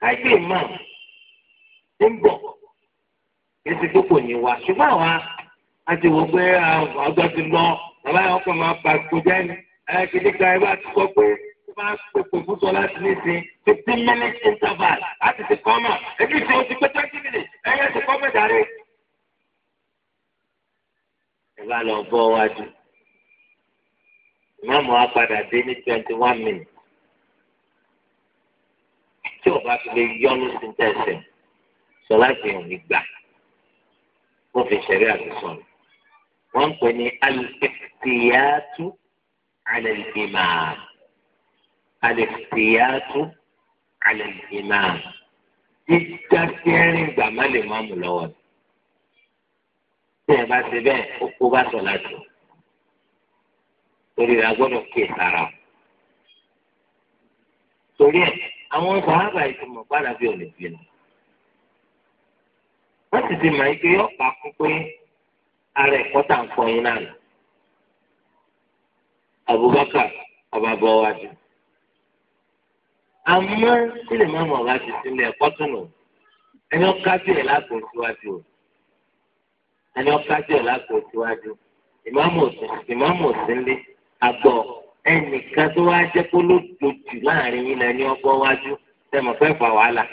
káyé mọ̀ ń bọ̀ èsì tó kò ní wá ṣùgbọ́n àwa a ti wò pé ọjọ́ ti lọ bàbá yẹn kò máa bà kọjá ni kìdí kan ẹ bá ti sọ pé ó máa ń pèpè fún láti ní sin fifteen minute interval láti ti kọ́ mà èyí ti o ti pé twenty minutes ẹ̀yẹ ti kọ́ mẹ́tàrí. ẹ bá lọ bọ́ wájú ìmáàmù wa dé ní twenty one minutes tí o bá fi lè yọnu sí tẹ̀sẹ̀ sọ láti hàn nígbà wọ́n fi ṣẹ̀rí àtúnṣe rẹ̀ wọ́n ń pè ní alifiyatu alẹ́lìmàm alifiyatu alẹ́lìmàm dídá fẹ́rin gbà má lè má mú lọ́wọ́ ni tí ẹ bá ṣe bẹ́ẹ̀ ó bá sọ láti torí ra kí ẹ sára torí ẹ̀ àwọn sàhábà ìtumọ̀ gbára bí òní fi nù. wọ́n sì ti mọ̀ ike yọ pa kún pé ara ẹ̀kọ́ tà ń kọyin náà nù. Abubakar ọba bọ́ wájú. àmọ́ sílẹ̀ máa mọ̀ láti sílẹ̀ ẹ̀kọ́ tún nù. ẹni ọ̀ká sílẹ̀ láàpò síwájú o. ẹni ọ̀ká sílẹ̀ láàpò síwájú. ìmáàmù òsínlé agbọ́ ẹnìkan tó wá jẹ́ kó ló dojù láàrin yín lẹ́ni ọgbọ́ wájú tẹ̀mọ̀ fẹ́ fà wàhálà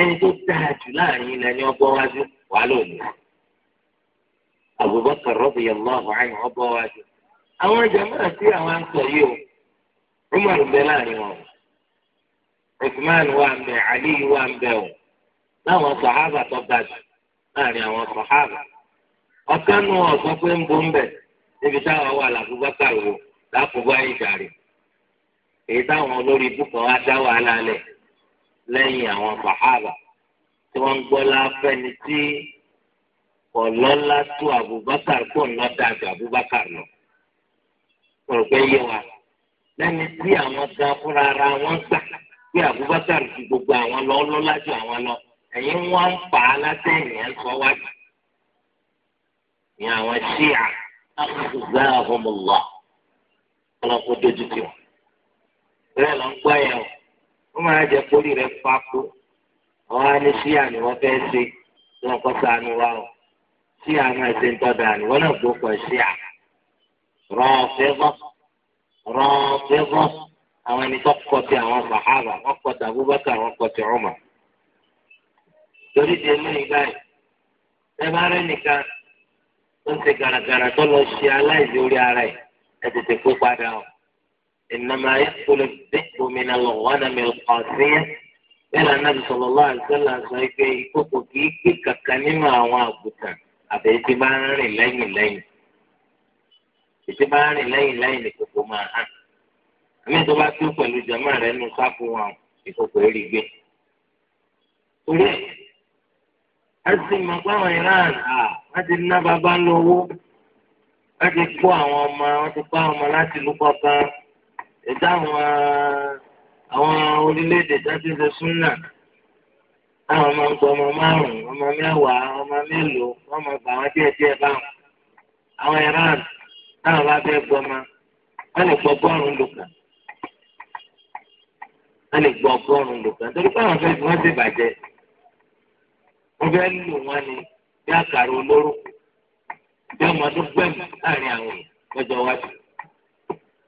ẹni tó dáa jù láàrin yín lẹ́ni ọgbọ́ wájú wàhálà òní. Abubakar radiyallahu anhu ọgbọ́ wájú. àwọn jàmáà àwọn yìí o bẹ láàrin wọn wà wà o láwọn sàhábà tó ga jù láàrin àwọn sàhábà ọ̀kan ọ̀sọ́ pé ń bọ́ ń níbi táwọn wà lákòóbá ìdàrí èyí táwọn olórí ibú kan wá dá wàhálà lẹ lẹ́yìn àwọn sàhábà tí wọ́n ń gbọ́ láfẹ́ni tí ọlọ́lá tó Abubakar kò ń lọ dàgbà Abubakar lọ mo rò pé yé wa lẹ́ni tí àwọn gan fúnra ara wọn gbà pé Abubakar ju gbogbo àwọn lọ ọlọ́lá ju àwọn lọ ẹ̀yin wọ́n ń pa á látẹ̀yìn ẹ̀ ń sọ wájú ní àwọn ṣíà àfùgbà àhùnmùlọ́ọ̀. ọlọ́kọ̀ dojú ti wọn. bẹ́ẹ̀ lọ ń gbọ́ yẹn o wọ́n máa jẹ pólì rẹ fapò àwọn aníṣíà ni wọ́n fẹ́ ṣe tí sànù wa o ṣíà máa ń ni wọ́n náà gbókò ṣíà rọ̀ọ̀fẹ́gọ́ rọ̀ọ̀fẹ́gọ́ àwọn ẹni tó ti àwọn ti Abubakar ti torí eléyìí báyìí ẹ bá rẹ nìkan ń ṣe gàràgàrà ara yìí. ẹtẹtẹ kó padà ọ ìnàmà ìfúnni dẹkùn mi nà lọ wọn àmì ọsẹyẹ bẹ́ẹ̀ anábì sọlọ lọ àìsọlá sọ pé ìkókò kìí pé kankan nínú àwọn àgùntàn àbẹ tí bá ń rìn lẹ́yìn lẹ́yìn tí bá ń rìn lẹ́yìn lẹ́yìn ní kókò máa hàn àmì tó bá tó pẹ̀lú jama rẹ nù sáfù wọn ìkókò èrì gbé torí ẹ ẹ sì mọ pé àwọn ìran àti ná bàbá lọ owó wọ́n ti kó àwọn ọmọ wọ́n ti kó àwọn ọmọ láti ìlú kọ̀ọ̀kan ètò àwọn àwọn orílẹ̀-èdè jáde ṣe súnà àwọn ọmọ ń gbọ́ ọmọ márùn-ún ọmọ mẹ́wàá ọmọ mélòó wọ́n mọ̀ gbà wọ́n díẹ̀díẹ̀ báwọn àwọn iran táwọn bá fẹ́ gbọ́ ọmọ wọ́n lè gbọ́ ọgọ́rùn lùkà wọ́n lè gbọ́ ọgọ́rùn lùkà torí pé àwọn fẹ́ fi wọ́n ṣèbàjẹ́ wọ́n fẹ́ lù wọ́n ni bí àkàrà olórúkọ. yóò máa tún gbẹ̀mù láàrin àwọn èèyàn lọ́jọ́ iwájú.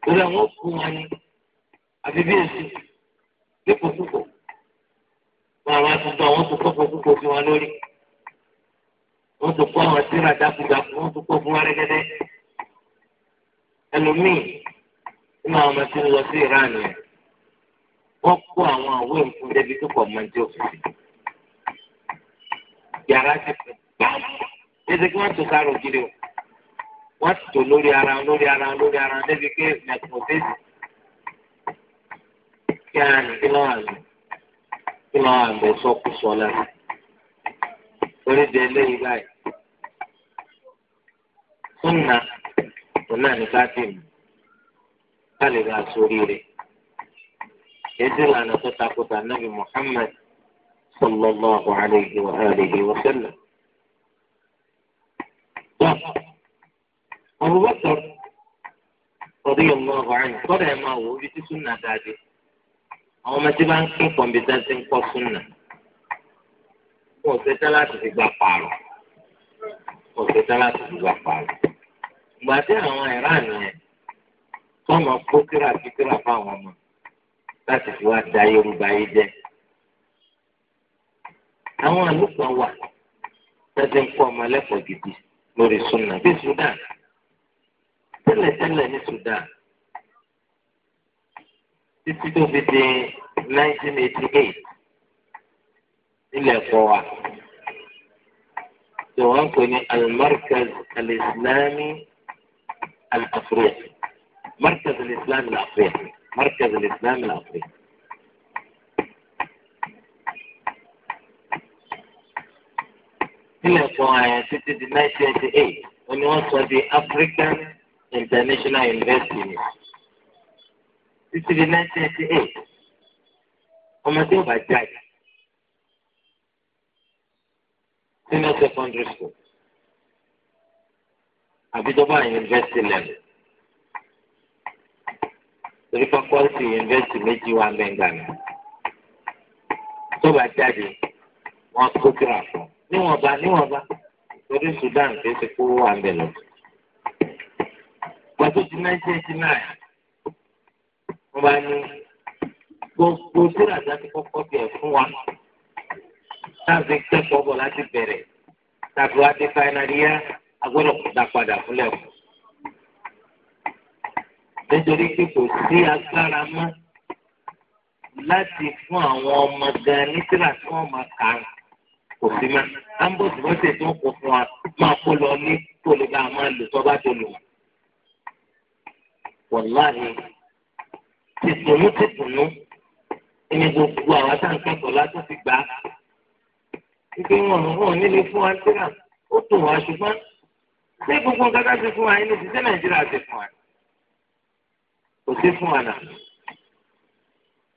Torí àwọn òkú wọn ni àfi bí èsì dípò púpọ̀. Wọ́n àwọn àtúntò àwọn tó kọ́kọ́ púpọ̀ fi wọn lórí. Wọ́n tó kọ́ àwọn Iran Wọ́n kó àwọn àwọ̀ tó pọ̀ mọ́ ní débi kí wọ́n tò kárò kiri o wọ́n tò lórí ara lórí ara lórí ara débi kí mẹtìmọ̀tẹ́sì kí ara nì kí lọ́wọ́ àlọ́ kí lọ́wọ́ àlọ́ sọ́kù sọ́lá torí de eléyìí báyìí súnà òun ní ká tì mí ká sórí rẹ̀ èdè lànà tó takò nàbì Muhammad sallallahu alayhi wa alihi wa sallam. Abubakar radiyallahu anhu kọ́dà ẹ̀ máa wò ó bí tí súnà dáadé àwọn ọmọ tí bá ń kí kọ̀m̀pútà ti ń kọ́ súnà wọn ò fẹ́ tá láti fi gba pààrọ̀ wọn ò fẹ́ tá láti fi gba pààrọ̀ ìgbà tí àwọn ìran yẹn tọ́mọ kó kíra kíkíra fáwọn ọmọ láti fi wá da yorùbá yìí jẹ àwọn àlùkò wà tẹ́tí ń kọ́ ọmọ lẹ́kọ̀ọ́ gidi lórí súnà bí Sudan. tẹ́lẹ̀tẹ́lẹ̀ ní Sudan títí tó fi di nineteen eighty eight nílẹ̀ ẹ̀kọ́ wa tó wọ́n pè ní al-Markaz al-Islami al-Afriqi Markaz al-Islam al-Afriqi Markaz al-Islam al-Afriqi. nílẹ̀ ẹ̀kọ́ wa yẹn títí di nineteen eighty eight wọ́n ni wọ́n sọ di African. International University ni títí di nineteen eighty eight ọmọ tí ó bá jáde senior secondary school àbíjọba university level torí faculty university méjì wà mẹ́ngàmì tó bá jáde wọ́n kó kíra fún níwọ̀nba níwọ̀nba torí Sudan kì í ṣe kó wà ń bẹ̀ tó ti nineteen eighty nine wọ́n bá ní gbogbo síra àti kọ́kọ́ tiẹ̀ fún wa láti kẹ́kọ̀ọ́ bọ̀ láti bẹ̀rẹ̀ tàbí wá dé fáínàlì yá agbọ́dọ̀ dá padà fúnlẹ̀ o. nítorí pé kò sí agbára mọ́ láti fún àwọn ọmọ gan ní síra tí wọ́n máa kà á kò sí mọ́. ambos bọ́sẹ̀ tó ń kó fún wa máa kó lọ ní kó máa lò tó bá tó lò wọ́n wàláhì tìtùnú tìtùnú ẹni gbogbo àwọn tá à ń kẹ́kọ̀ọ́ látó ti gbà á. Ibi wọn wọn nílé fún wa síra ó tó wá ṣùgbọ́n ṣé gbogbo nǹkan ká ṣe fún wa ẹni ṣiṣẹ́ Nàìjíríà ṣe fún wa. Kò sí fún wa nà.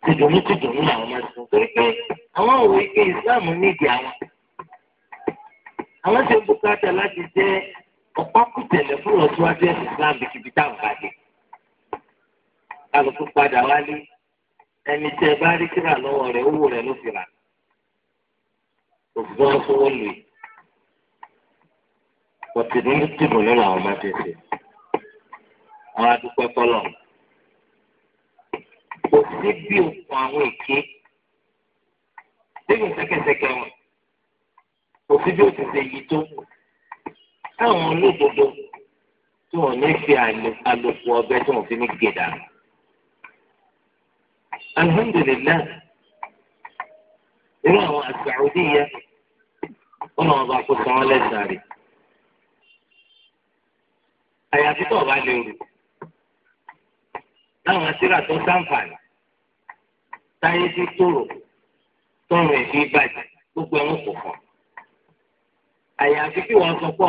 Tìdùnú tìdùnú làwọn máa sọ. Torí pé àwọn òwe ike Ìsìláàmù nídìí àwọn. Àwọn ṣe bùkátà láti jẹ́ ọ̀pá kùtẹ̀lẹ̀ fún ìlọsíwájú ẹ̀sìn Ìsìláàmù kìbìtà ń bàjẹ́ kálukú padà wálé ẹni tẹ bá rí kíra lọ́wọ́ rẹ̀ owó rẹ̀ ló fi rà òṣìṣẹ́ wọn fowó lè pọ̀tì ní tìbò nínú àwọn máa ti ṣe àwọn adúpẹ́ kọ́lọ̀ kò sí bí òkun àwọn èké débi ṣẹ̀kẹ̀ṣẹ̀kẹ̀ wọn kò sí bí òṣìṣẹ́ yìí tó táwọn olódodo tí wọn ní fi àlòkù ọbẹ̀ tí wọn fi ní gèdà alihamudulilayi irú àwọn àgbàwọdé yẹ wọn náà bá kó sanwó lẹsàn rẹ àyàfi tó o bá lè rò láwọn asíra tó sáǹfààní táyé ti tòrò tọrọ ẹbí bàjẹ́ gbogbo ẹwọn kò fọ àyàfi kí wọn sọ pé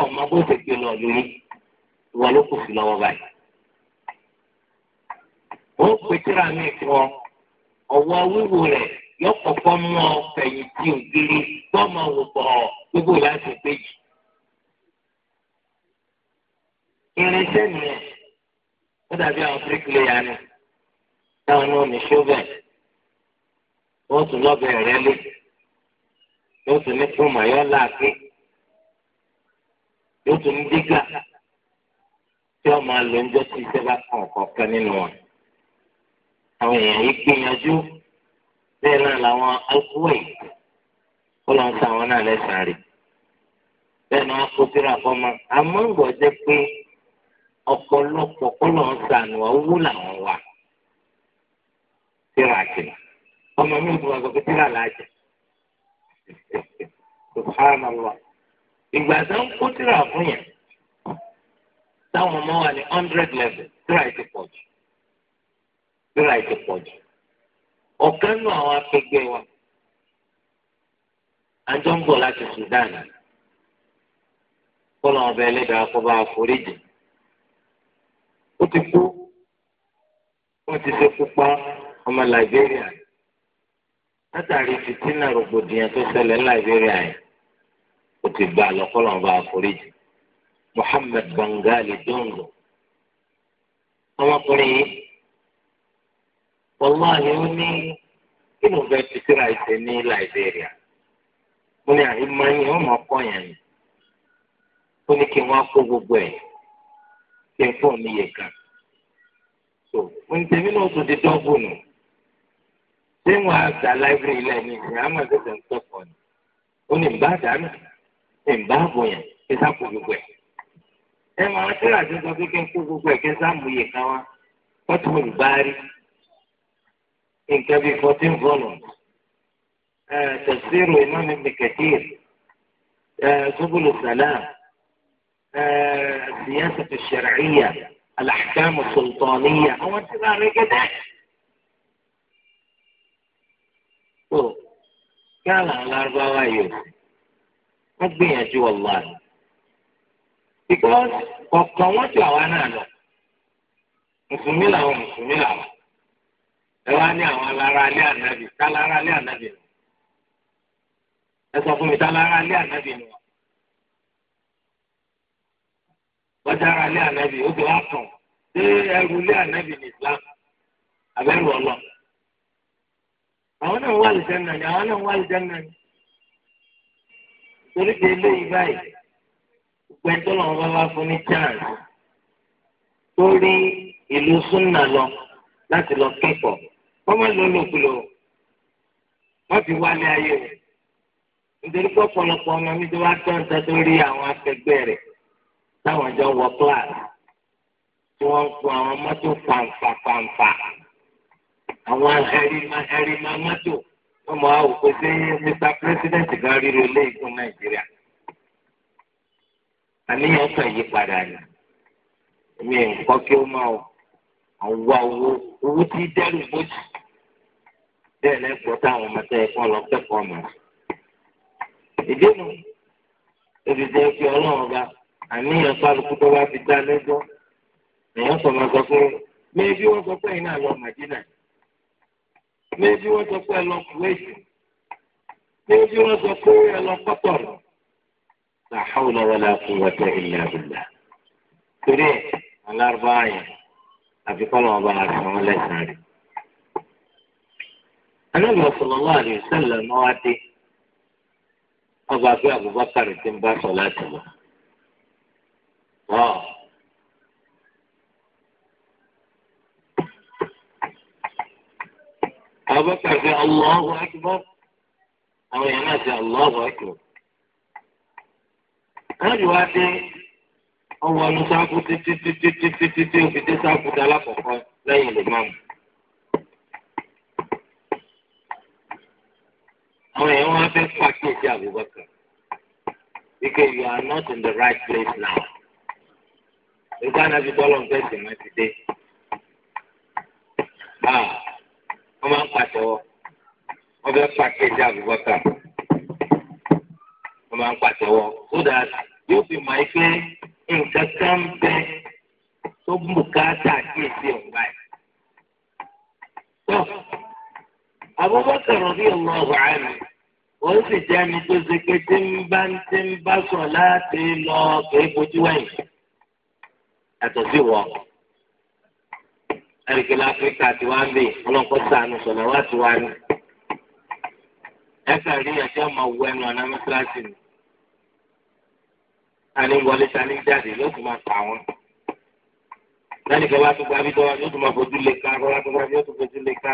ọ̀wọ́ wíwò rẹ̀ yọ kọ̀kọ́ mú ọ fẹ̀yìntì ògiri gbọ́mọ wò bọ̀ gbogbo láti péjì. irinṣẹ́ nìyẹn ó dàbí àwọn bíríkìlẹ̀yà ni táwọn náà ní ṣọ́bẹ̀ wọ́n tún lọ́bẹ̀ rẹ lé yóò tún ní fúnmọ̀ yọ láàké yóò tún ní dígà tí wọ́n máa ń jọ́ sí iṣẹ́ bá kàn kọ̀ọ̀kan nínú wọn àwọn èèyàn yìí gbìyànjú bẹ́ẹ̀ náà làwọn alkuwait ó lọ sa àwọn náà lẹ́sàn-án rẹ̀ bẹ́ẹ̀ náà kó síra fọ́mọ àmọ́ ń gbọ́ jẹ́ pé ọ̀pọ̀lọpọ̀ kó lọ sànù owó làwọn wà síra àjẹ́ ọmọ mi ò tún wà síra làájẹ́ subhanallah ìgbà tó ń kó síra fún yẹn táwọn ọmọ wà ní hundred level síra ẹ̀ ti rírà ètò pọ̀ jù ọ̀kan nù àwọn akẹgbẹ́ wa àjọ ń bọ̀ láti Sudan ọba ẹlẹ́dàá kọ́ bá foríjì ó ti kú wọ́n ti ṣe pupa ọmọ Liberia látàrí fìtínà rògbòdìyàn tó ṣẹlẹ̀ ní Liberia yẹn ó ti gba lọ ọba foríjì wàláhì ó ní kí ló fẹ́ ti síra ẹsẹ̀ ní Liberia ó ní àìmọ̀ yẹn ó mọ̀ kọ́ yẹn ni ó ní kí wọ́n kó gbogbo ẹ̀ kí n fún mi yẹ kan so ní tèmi náà tó di dọ́gbò nù ṣé wọn á gba láìbírì ilẹ̀ ní ìyá àmọ́ ẹ̀sẹ̀ ń tọ̀kọ̀ ni ó ní ìbá dáná ìbá bò yẹn kí sá kó gbogbo ẹ̀ ẹ máa ń síra ẹsẹ̀ sọ pé kí n kó gbogbo ẹ̀ kí sá mú yẹ kan wá wọ́n ti mú ìbá rí من كبي فاطم ظلم آه تفسير إمام ابن كثير آه سبل السلام آه السياسة الشرعية الأحكام السلطانية هو انتباه كده قال على أربعة ويوسف قد بي والله الله because قد قوات لو أنا له مسمي له مسمي له ẹ wá ní àwọn alára alẹ́ ànábì tálára alẹ́ ànábì nù ẹ sọ fún mi alẹ́ ànábì nù alẹ́ ànábì ó wá ṣé alẹ́ ànábì ní Islam abẹ́rù ọlọ àwọn náà àwọn náà torí pé eléyìí báyìí lọ láti lọ wọ́n máa ń lọ lòkulò wọ́n fi wálé ayé rẹ̀ nítorí pé ọ̀pọ̀lọpọ̀ ọmọ mi tó bá tán ta sórí àwọn akẹgbẹ́ rẹ̀ táwọn jọ wọ kíláàsì tí wọ́n ń fún àwọn mọ́tò pàǹfà pàǹfà àwọn ẹ̀rìmà ẹ̀rìmà mọ́tò wọ́n mọ àwòkọ́ sí Mr President gan ríro ilé ìgbọ́n Nàìjíríà àníyàn kan yí padà ni èmi ẹ̀ ń kọ́ kí ó máa wá owó owó tí dẹ́rù bójú bẹ́ẹ̀ lẹ́kọ̀ọ́ táwọn ọmọ tẹ́ ẹ̀kọ́ lọ kẹ́kọ̀ọ́ mọ̀. ìdí nu ebi jẹ́ kí ọlọ́run ọba àníyàn kálukú tó bá fi dá lẹ́jọ́ èèyàn sọ ma sọ pé méjì wọ́n sọ pé iná lọ màdínà méjì wọ́n sọ pé ẹ lọ kúwèjì méjì wọ́n sọ pé ẹ lọ kọ́tọ̀rọ̀ la hawla wala quwwata illa billah torí ẹ̀ alárúbáyà àfikọ́ lọ́wọ́ bá a sọ anábì ọ̀sọ̀lọ́wọ́ àdìsẹ́lẹ̀ náà wá dé ọba fún Abubakar tí ń bá sọ láti lọ. Abubakar fi Allahu Akbar àwọn èèyàn náà fi Allahu Akbar. anábì wá dé ọwọ́ ọdún sáfù títí títí títí títí òfin dé sáfù dá lákòókò lẹ́yìn lè máa mú. àwọn èèyàn wọn fẹ́ pàkíyèsí Abubakar because you are not in the right place now ìgbà náà fi bọ́ọ̀lù ọ̀fẹ́ sì máa ti dé ah, wọ́n máa ń pàtẹ́wọ́ wọ́n fẹ́ pàkíyèsí Abubakar wọ́n máa ń pàtẹ́wọ́ so that yóò fi máa pé nǹkan kan bẹ tó bùkátà kíyèsí ọ̀gbà yìí. Abubakar rọ̀bí ọmọ ọ̀gbà rẹ̀ ó sì jẹ́ ẹni tó ṣe pé tí ń bá ń tí ń bá sọ̀ láti lọ kì í fojú wẹ̀yìn yàtọ̀ sí wọ̀ ẹ̀rìkìlá áfíríkà tí wàá ń bè ọlọ́kọ́ sànù sọ̀lá wá ti wá ní. ẹ kàrí ẹ̀jẹ̀ ọmọ wọ ẹnu ọ̀nà mẹ́tíláṣí ni. a wọlé ta jáde yóò tún máa tà wọ́n. lẹ́nu kẹ́ bí dọ́wọ́ yóò tún máa fojú lè ka bọ́lá tó bí yóò tún fojú lè ka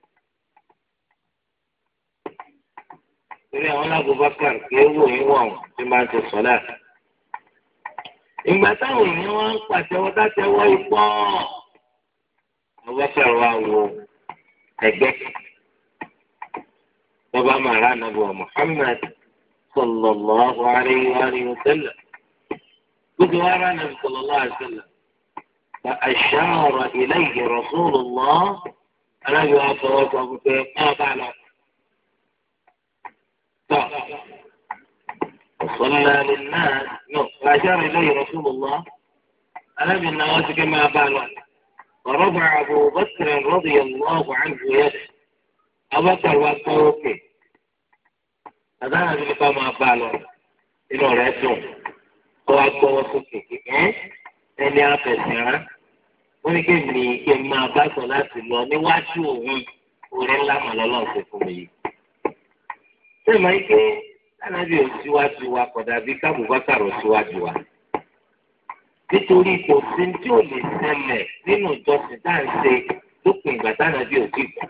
torí àwọn lágòbákàr kì í wò yín wọ̀n tí máa ń ti sọ́lá. ìgbà táwọn èèyàn wá ń pàtẹ́wọ́ dátẹ́wọ́ ipọ́ abubakar wa wo ẹgbẹ́ bàbá màrá nàbọ̀ Muhammad sallallahu alayhi wa sallam gbogbo wa rà nàbọ̀ sallallahu alayhi wa sallam. فأشار إليه رسول الله أنا جواب صلى الله عليه وسلم ما بعلم وصلى للناس فأشار إليه رسول الله أنا بالنواس كما بالوا ورفع أبو بكر رضي الله عنه يده أبو بكر وقوته أذان أبو كما بالوا إنه رسول وقوته ẹni afẹsẹ̀rán wọ́n ní kéèmì kéèmì máa bá sọ láti lọ níwájú òun orí ńlá màlọ́lọ́ ọ̀sẹ̀ fún mi yìí ṣé màá ké kánábì ò síwájú wa kọ̀dà bí kábùbákàrò síwájú wa nítorí kò sí tí ò lè ṣẹlẹ̀ nínú ìjọsìn tá à ń ṣe lópin ìgbà tánábì ò sì kù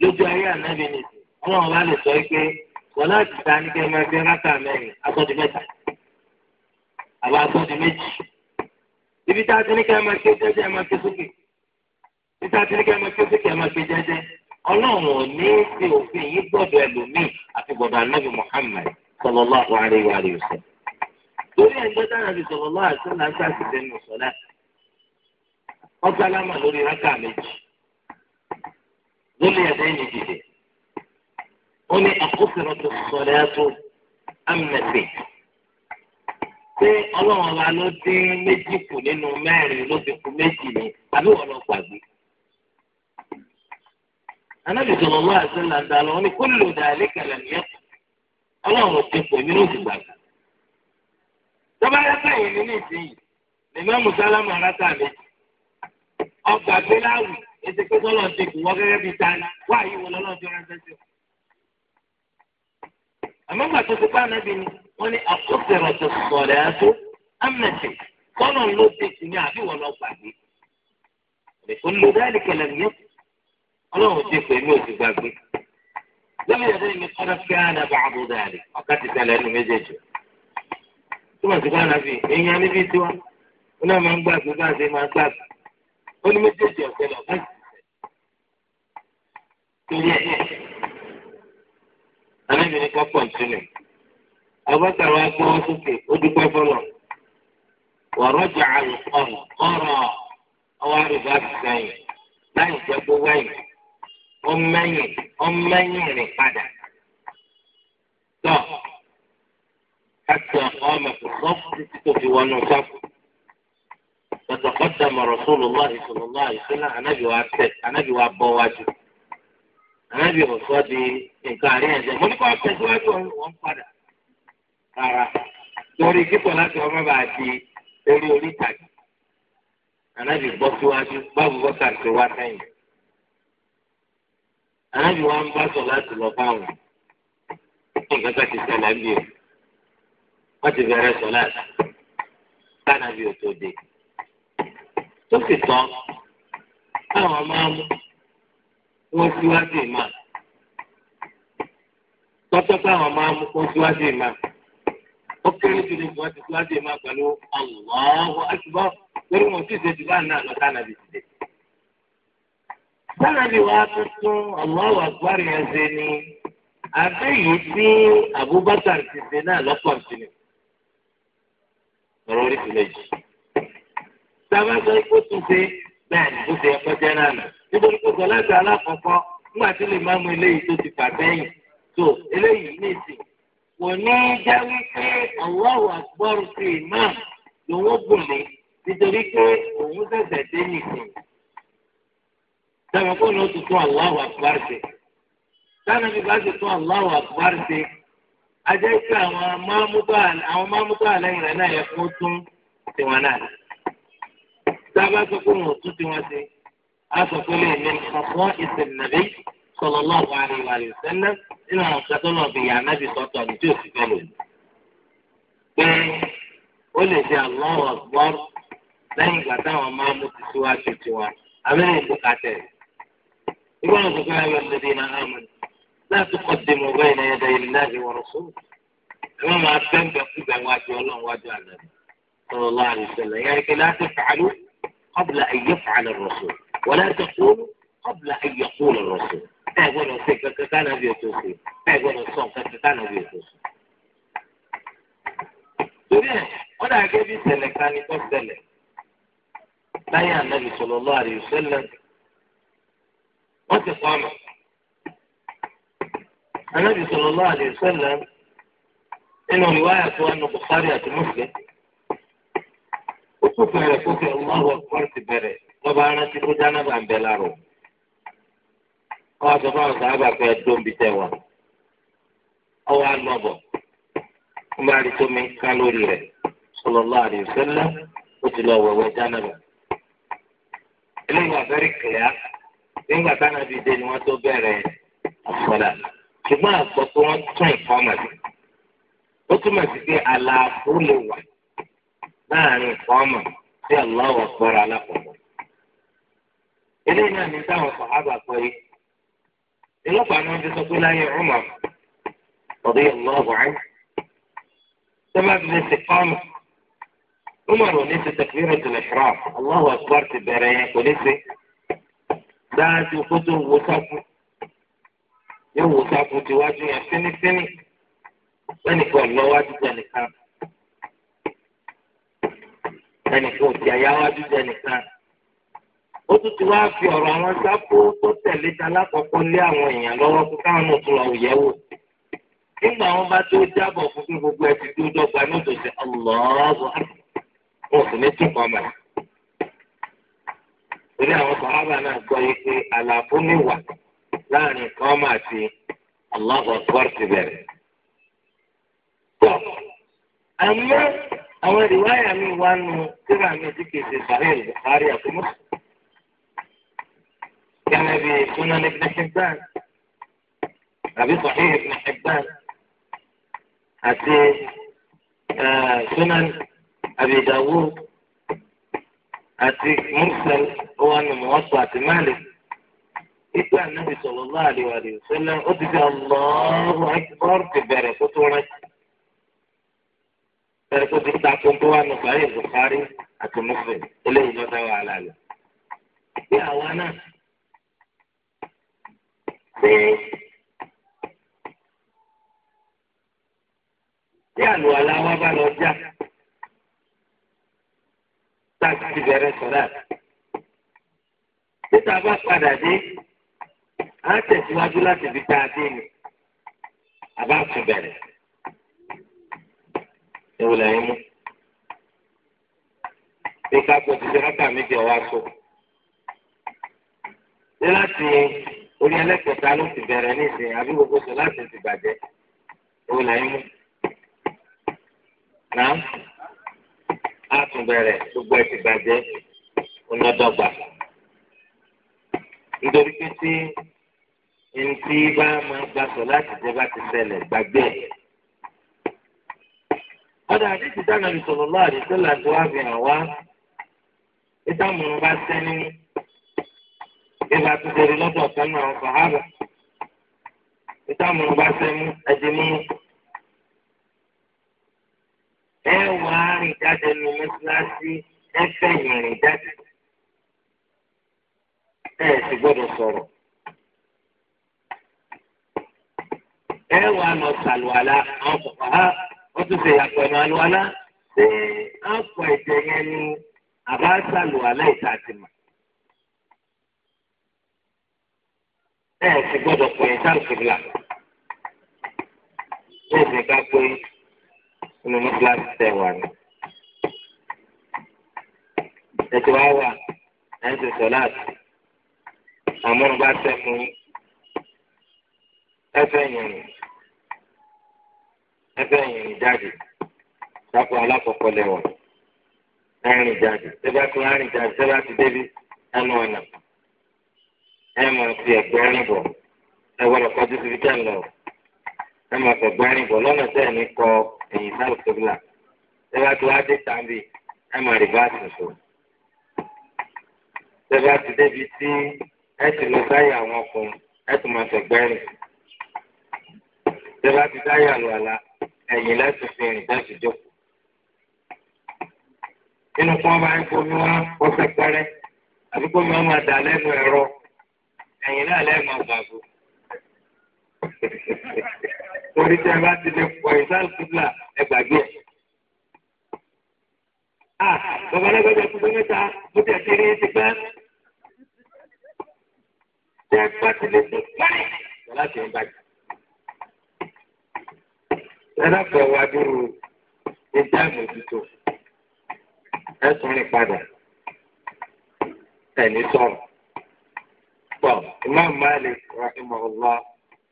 lójú ayé ànábì ni ọlọ́run bá lè sọ pé wọ́n láti ta ní kẹ́mẹ́ fẹ́ rákà mẹ́rin asọ́di mẹ́ta àbá asọ́di méjì ibi tá a ti ní kẹ́mẹ́ ké jẹ́jẹ́ ẹ̀ máa ké sókè ibi tá a ti ní kẹ́mẹ́ ké sókè ẹ̀ máa ké jẹ́jẹ́. ọlọ́run ò ní ofe ṣe òfin yìí gbọ́dọ̀ ẹlòmíì àti gbọ́dọ̀ anábì muhammed sallallahu alaihi wa sallam. lórí ẹgbẹ́ dáná bíi sallallahu alaihi wasallam wọ́n sálámà lórí rákà méjì lórí ẹ̀dá ẹ̀yìn dìde ó ní tó tó ọlọ́run ló dín méjì kù nínú mẹ́rin ló fi méjì ni àbí wọ́n lọ anábì sọ̀rọ̀ wá àti ńlá ta lọ ní kólò dàlẹ́ kẹlẹ̀ ní ẹ̀kọ́ ọlọ́run ti pè mí lóṣù gbàgbà. tọ́ba yàtọ̀ yìí ní nísìnyí lèmi àmùsálámù aráta mi ọgbà bíláwì ètò pé sọ́lọ́ ti kù wọ́n gẹ́gẹ́ bíi ta wá yìí wọ́n lọ́lọ́ fi ránṣẹ́ sí. tó ti bá anábì ni wọ́n ní àkóṣèrò tó sọ̀rọ̀ ẹ̀ tó amnesty kọ́nà ló ti kù ní àbí wọ́n lọ gbàgbé. kólò dàlẹ́ kẹlẹ̀ ní ẹ̀kọ́ ọlọ́run ti pè eme ò ti gbàgbé lórí ẹ̀rọ mi kọ́ lọ́kẹ́ ànàbà àbúdá rẹ̀ wákàtí sálẹ̀ ẹnu méjèèjì túmọ̀ sí èèyàn níbi tí wọn náà máa ń gbàgbé bá a ṣe máa gbàgbé ó ní méjèèjì ọ̀sẹ̀ lọ báyìí torí ẹ̀ ní wa gbọ́ sókè ó fọlọ́ àlùkọ́rọ̀ ọ̀rọ̀ ọwọ́ àrùbá ti sẹ́yìn láì jẹ́ gbówó ẹ̀yìn. ọmọnyìn ọmọnyìn rìn padà tọ àti ọmọ ẹ̀kọ́ títí tó fi wọnú sáfù tọtọkọtà mọrọsọlọ lọhìn sọlọ lọhìn sọlọ anabi wa tẹ anabi wa bọ wájú anabi ọsọ di nǹkan àríyànjẹ mo ní kó tẹsíwájú wọn padà rárá lórí kíkọ láti ọmọ bá di orí orí tàgé anabi bọ síwájú báwo bọ kàǹtì wá sẹ́yìn. àábì wa ń bá sọ láti lọ bá nǹkan ká ti ṣẹlẹ̀ bí o wọ́n ti bẹ̀rẹ̀ sọ láti kánà bí o tó dé tó sì tán káwọn máa mú wọ́n síwájú ìmọ̀ tọ́tọ́ káwọn máa mú wọ́n síwájú ìmọ̀ ó kéré jù ní wọ́n ti síwájú ìmọ̀ pẹ̀lú Allahu Akbar lórí wọn sì ṣe jù náà lọ kánà bí ti dé. sálábì wa tuntun Allahu Akbar yẹn ṣe ni abẹ́ yìí tí Abubakar ti ṣe náà lọ́pọ̀ sílẹ̀ ọ̀rọ̀ orí sílẹ̀ jù sábà sọ ikú tún ṣe bẹ́ẹ̀ ni bó ṣe ẹ̀kọ́ jẹ́ náà nà nítorí pé sọláṣà alákọ̀ọ́kọ́ nígbà tí lè máa mú eléyìí tó ti fà sẹ́yìn tó eléyìí ní ìsìn kò ní í jẹ́ wípé Allahu Akbar sí imam lòun ó gùn nítorí pé òun ṣẹ̀ṣẹ̀ dé nìsín sábà kó ló ti tún Allahu Akbar ṣe sábà bí bá ti tún Allahu Akbar ṣe ajẹ́ pé àwọn máàmútó àlẹ́yìn rẹ̀ náà yẹ kó tún tiwọn náà sábà sọ pé wọn ò tún tiwọn ṣe a sọ pé lè ní ọ̀pọ̀ ìsìn nàbí sallallahu alaihi wa sallam nínú àwọn kan tó lọ́ọ́ fi nábì sọ́tọ̀ ní tí ò sì fẹ́ pé ó lè ṣe Allahu Akbar lẹ́yìn ìgbà táwọn máàmú ti síwájú tiwọn abẹ́rẹ́ ìbùkátẹ́ rẹ̀. يقول لك يا أيها الذين آمنوا لا تقدموا بين يدي الله ورسوله أما ما أتكلم بقيبة واجه الله واجه النبي صلى الله عليه وسلم يعني لا تفعلوا قبل أن يفعل الرسول ولا تقولوا قبل أن يقول الرسول ẹ gbọ́dọ̀ ṣe kankan ká nàbí ètò ṣe ẹ gbọ́dọ̀ sọ kankan ká nàbí ètò ṣe. torí ẹ wọn dàgẹ́ bí ṣẹlẹ̀ kan wọ́n ti pa ọmọ. Ànábì sallallahu alaihi wasallam nínú ìwáyà tó wà nù Bukhari àti Muslim. Ó tún bẹ̀rẹ̀ kó fi Allahu Akbar ti bẹ̀rẹ̀ lọ́ba arántí kó dáná bá ń bẹ lárò. Wọ́n á sọ fún àwọn sábà pé dóńbi tẹ̀ wá. Ọwọ́ á lọ bọ̀. Wọ́n bá rí tómi ká lórí rẹ̀. Sallallahu alaihi wasallam ó ti lọ wẹ̀wẹ̀ dáná bá. Eléyìí wà fẹ́rẹ̀ kìlẹ̀ á nígbà táwọn ibi dé ni wọ́n tó bẹ̀rẹ̀ ọ̀pọ̀lá ṣùgbọ́n àgbọ̀ pé wọ́n tún ìfọ́mọ̀ sí ó túmọ̀ sí pé àlàáfó lè wà láàrin ìfọ́mọ̀ sí aláwọ̀ sọ́ra alákọ̀ọ́kọ́ eléyìí náà ní táwọn sọ̀hábà pọ̀ yìí ìlọ́pàá ni wọ́n ti sọ pé láyé Umar ọ̀dọ́ yẹn lọ́wọ́ àyè tọ́ba ti lè ṣe fọ́ọ̀mù Umar ò ní ṣe takbiratul ihram Allahu akbar ti bẹ̀rẹ̀ yẹn kò ní ṣe. dáájú ụfọdụ tó wo sáfù yóò wo sáfù tiwájú yẹn fínífíní lẹ́nìkan lọ́wájú tẹnìkan ẹnìkan òtí ó tún ti wá fi ọ̀rọ̀ àwọn sáfù tó tẹ̀lé ta lákọ̀ọ́kọ́ lé àwọn èèyàn lọ́wọ́ kó káwọn náà lọ yẹ̀ wò nígbà wọn bá tó jábọ̀ fún gbogbo tó dọ́gba ní òtòṣe ọlọ́ọ̀bù wọn torí àwọn sàhábà náà gbọ́ yìí pé àlàfo ní wà láàrin kan máa ti Allahu Akbar ti bẹ̀rẹ̀. àmọ́ àwọn ìwáyà mi wá nu síra mi tí kìí ṣe sàhẹ́lì Bukhari àti كان بسنن ابن حبان أبي صحيح ابن حبان أتي سنن أبي داوود àti mursal wọn ni àti ipa anabi sallallahu alaihi wa sallam ó ti fi Allahu akbar ti bẹ̀rẹ̀ kó tó rántí bẹ̀rẹ̀ kó ti ta kóńtó wa nípa ayé Bukhari àti eléyìí ló dá wàhálà àwa láti ti bẹ̀rẹ̀ sọ̀rọ̀ àti. Títa bá padà dé, á tẹ̀síwájú láti fi tá a dé ni. Àbá tún bẹ̀rẹ̀. Ewu lẹ́yìn mú. Bí kápò ti ṣe rákà méjì ọ̀wá so. Ṣé láti orí ẹlẹ́kẹta ló ti bẹ̀rẹ̀ nísìnyí àbí gbogbo sọ láti ti bàjẹ́? Ewu lẹ́yìn mú. Nàá. àtúnbẹ̀rẹ̀ gbogbo ẹ̀ ti bàjẹ́ ọlọ́dọ̀gba. nítorí pé tí ntí bá máa gba sọ láti jẹ bá ti ṣẹlẹ̀ gbàgbé ẹ̀. ọ̀dà àdìsí dáná ní sọ̀rọ̀lọ́ àdìsí làdó àbí àwa ìtàmùrún bá sẹ́ni ìbá tó kan náà bá ẹ wà á rìn jáde nu mọ́sálásí ẹ fẹ̀yìn rìn jáde ẹ sì gbọ́dọ̀ sọ̀rọ̀ ẹ wà á lọ sàlùwàlà àwọn kọ̀ọ̀kan á wọ́n tún ṣe yàtọ̀ ẹ̀nu àlùwàlà ṣé á pọ̀ ẹ̀jẹ̀ yẹn ni àbá sàlùwàlà ìta àti mà. ẹ sì gbọ́dọ̀ pè é sáà kìbìlà ẹ sì ká pé nínú mọ́tíláṣí tẹ̀ wà ní. ẹ̀tọ́ wa wà ẹ̀ ń ṣe sọ́láàtì àmọ́ bá tẹ̀ mú ẹ̀fẹ̀ yẹn ẹ̀fẹ̀ yẹn jáde sápò alákọ̀ọ́kọ́ lẹ́wọ̀n ẹ̀rìn jáde tẹ́bá tó ẹ̀rìn jáde tẹ́bá ti débi ẹnu ọ̀nà ẹ̀ máa fi ẹ̀gbẹ́ rìn bọ̀ ẹ̀ wọ́n lọ kọjú síbi tẹ́ ń lọ ẹ̀ máa fẹ̀gbẹ́ rìn bọ̀ lọ́nà tẹ́ ní kọ́ ọ ẹ̀yìn sáà kébìlà tẹ́lá tó wá dé tàbí ẹ̀ máa rí báàsì sọ. tẹ́lá ti débi tí ẹ̀ ti lọ sáyà àwọn ọkùnrin ẹ̀ tún máa fẹ̀gbẹ́ rìn. tẹ́lá ti dáyà lọ àlá ẹ̀yìn lẹ́sùn fi rìn bẹ́ẹ̀ sì jókòó. inú kí wọ́n máa ń fomi wá kó fẹ́ pẹ́rẹ́ àbí kó máa máa lẹ́nu ẹ̀rọ ẹ̀yìn náà lẹ́ẹ̀ máa gbàgbọ́ torí tí a bá ti lè pọ̀ ìsáàlù kíbla ẹ gbàgbé. a bàbá alágbàdo ẹkùnrin mẹ́ta mo ti ẹ̀kẹ́ rí ti pẹ́. tí a bá ti lè tó pẹ́rẹ́ yàrá ti ń bàjẹ́. yàrá kan wá dúró ìjà ìmọ̀tútù ẹ̀sùn rìn padà ẹ̀ní sọ̀rọ̀. bọ̀ ìmáàmù Malik rahimahullah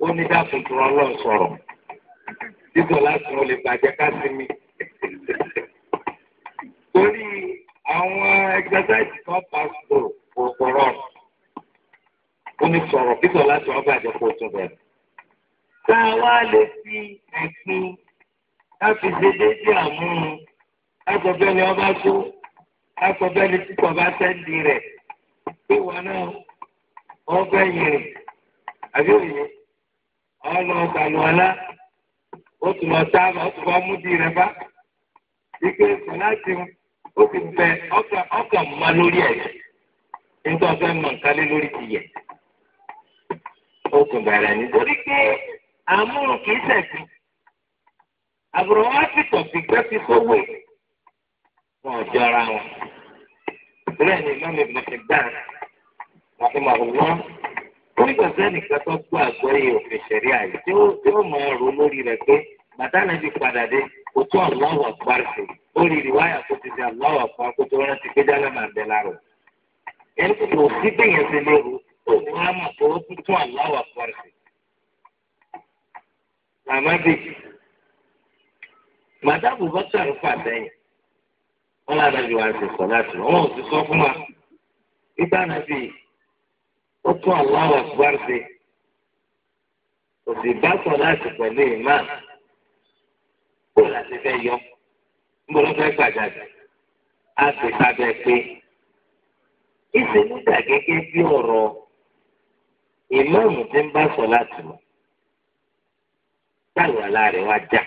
ó ní dáàbò tó wọn lọ sọ̀rọ̀ dídò láti wọn lè bàjẹ́ ká sí mi. torí àwọn ẹgbẹ́sáìtì kan pàṣẹ òpòrọ̀ ó ní sọ̀rọ̀ dídò láti wọn bàjẹ́ kó tó bẹ̀rẹ̀. tá a wá lè fi ẹ̀sìn láti ṣe déédéé àmúnu láti ọbẹ̀ ni wọ́n bá tó láti ọbẹ̀ ni títọ̀ bá tẹ́lẹ̀ rẹ̀ pé wọn náà wọ́n bẹ̀yìn rẹ̀ àbí òye. àwọn lọ gbàlùwàlá ó tún lọ sáàmù ó tún bá múdi rẹ bá ike sọláàtì ó ti bẹ ọkà ọkà mọ lórí ẹ nígbà fẹ mọ nǹkan lórí ti yẹ ó tún bẹ̀rẹ̀ nítorí pé àmúrun kìí àbúrò wa ti tọ̀ sí sówó wọn jọra wọn bẹ́ẹ̀ onígbà sẹ́nìkan tó gbọ́ àgbọ́yé òfin ṣẹ̀rí àyè tí ó tí ó máa rò lórí rẹ̀ pé bàtà náà ti padà dé kò tó Allahu Akbar sí ó rí ìwáyà tó ti di Allahu Akbar kó tó rántí pé jálẹ̀ máa bẹ̀ lára o. ẹni tó kò sí bẹ́yẹn sí léwu òun á mọ̀ pé ó tún tún Allahu Akbar sí. màmá bí màdàbù bọ́tà ń fà sẹ́yìn wọn lànà bí ti sọ láti wọn ò ti sọ fún wa ìgbà náà ó tún aláwọ̀ akbar ṣe kò sì bá sọ láti pẹ̀lú ìmá kó láti fẹ́ yọ níbo ló fẹ́ gbàgàdà á sì sábẹ́ pé keke níta gẹ́gẹ́ bí ọ̀rọ̀ ìmáàmù tí ń bá sọ láti mọ̀ táwọn aláàrẹ̀ wá já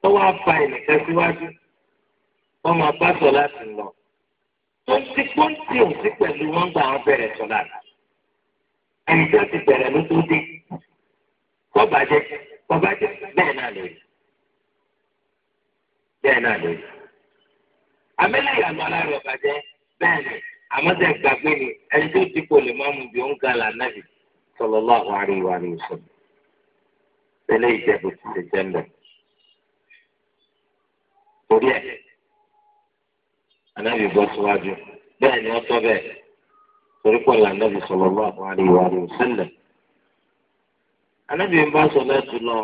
tó wá ó ti kó ń tì ó sí pẹ̀lú wọn gba àwọn bẹ̀rẹ̀ sọ̀lá ẹni tó ti bẹ̀rẹ̀ ló tó dé kọ́bàjẹ́ kọ́bàjẹ́ bẹ́ẹ̀ náà lórí bẹ́ẹ̀ náà lórí amẹ́lẹ́ ìyànà aláàrọ̀ ọ̀bàjẹ́ bẹ́ẹ̀ ni àmọ́tẹ́ gbàgbé ni ẹni tó ti kó lè máa mú bí ó ń ga lànàbì tẹ́lẹ̀ ìjẹ́bù ti ṣe jẹ́ torí ẹ̀. anábì bọ́ síwájú bẹ́ẹ̀ ni wọ́n tọ́ bẹ́ẹ̀ torí pọ̀ là anábì sallallahu alaihi wa sallam. anábì ń bá sọ láti lọ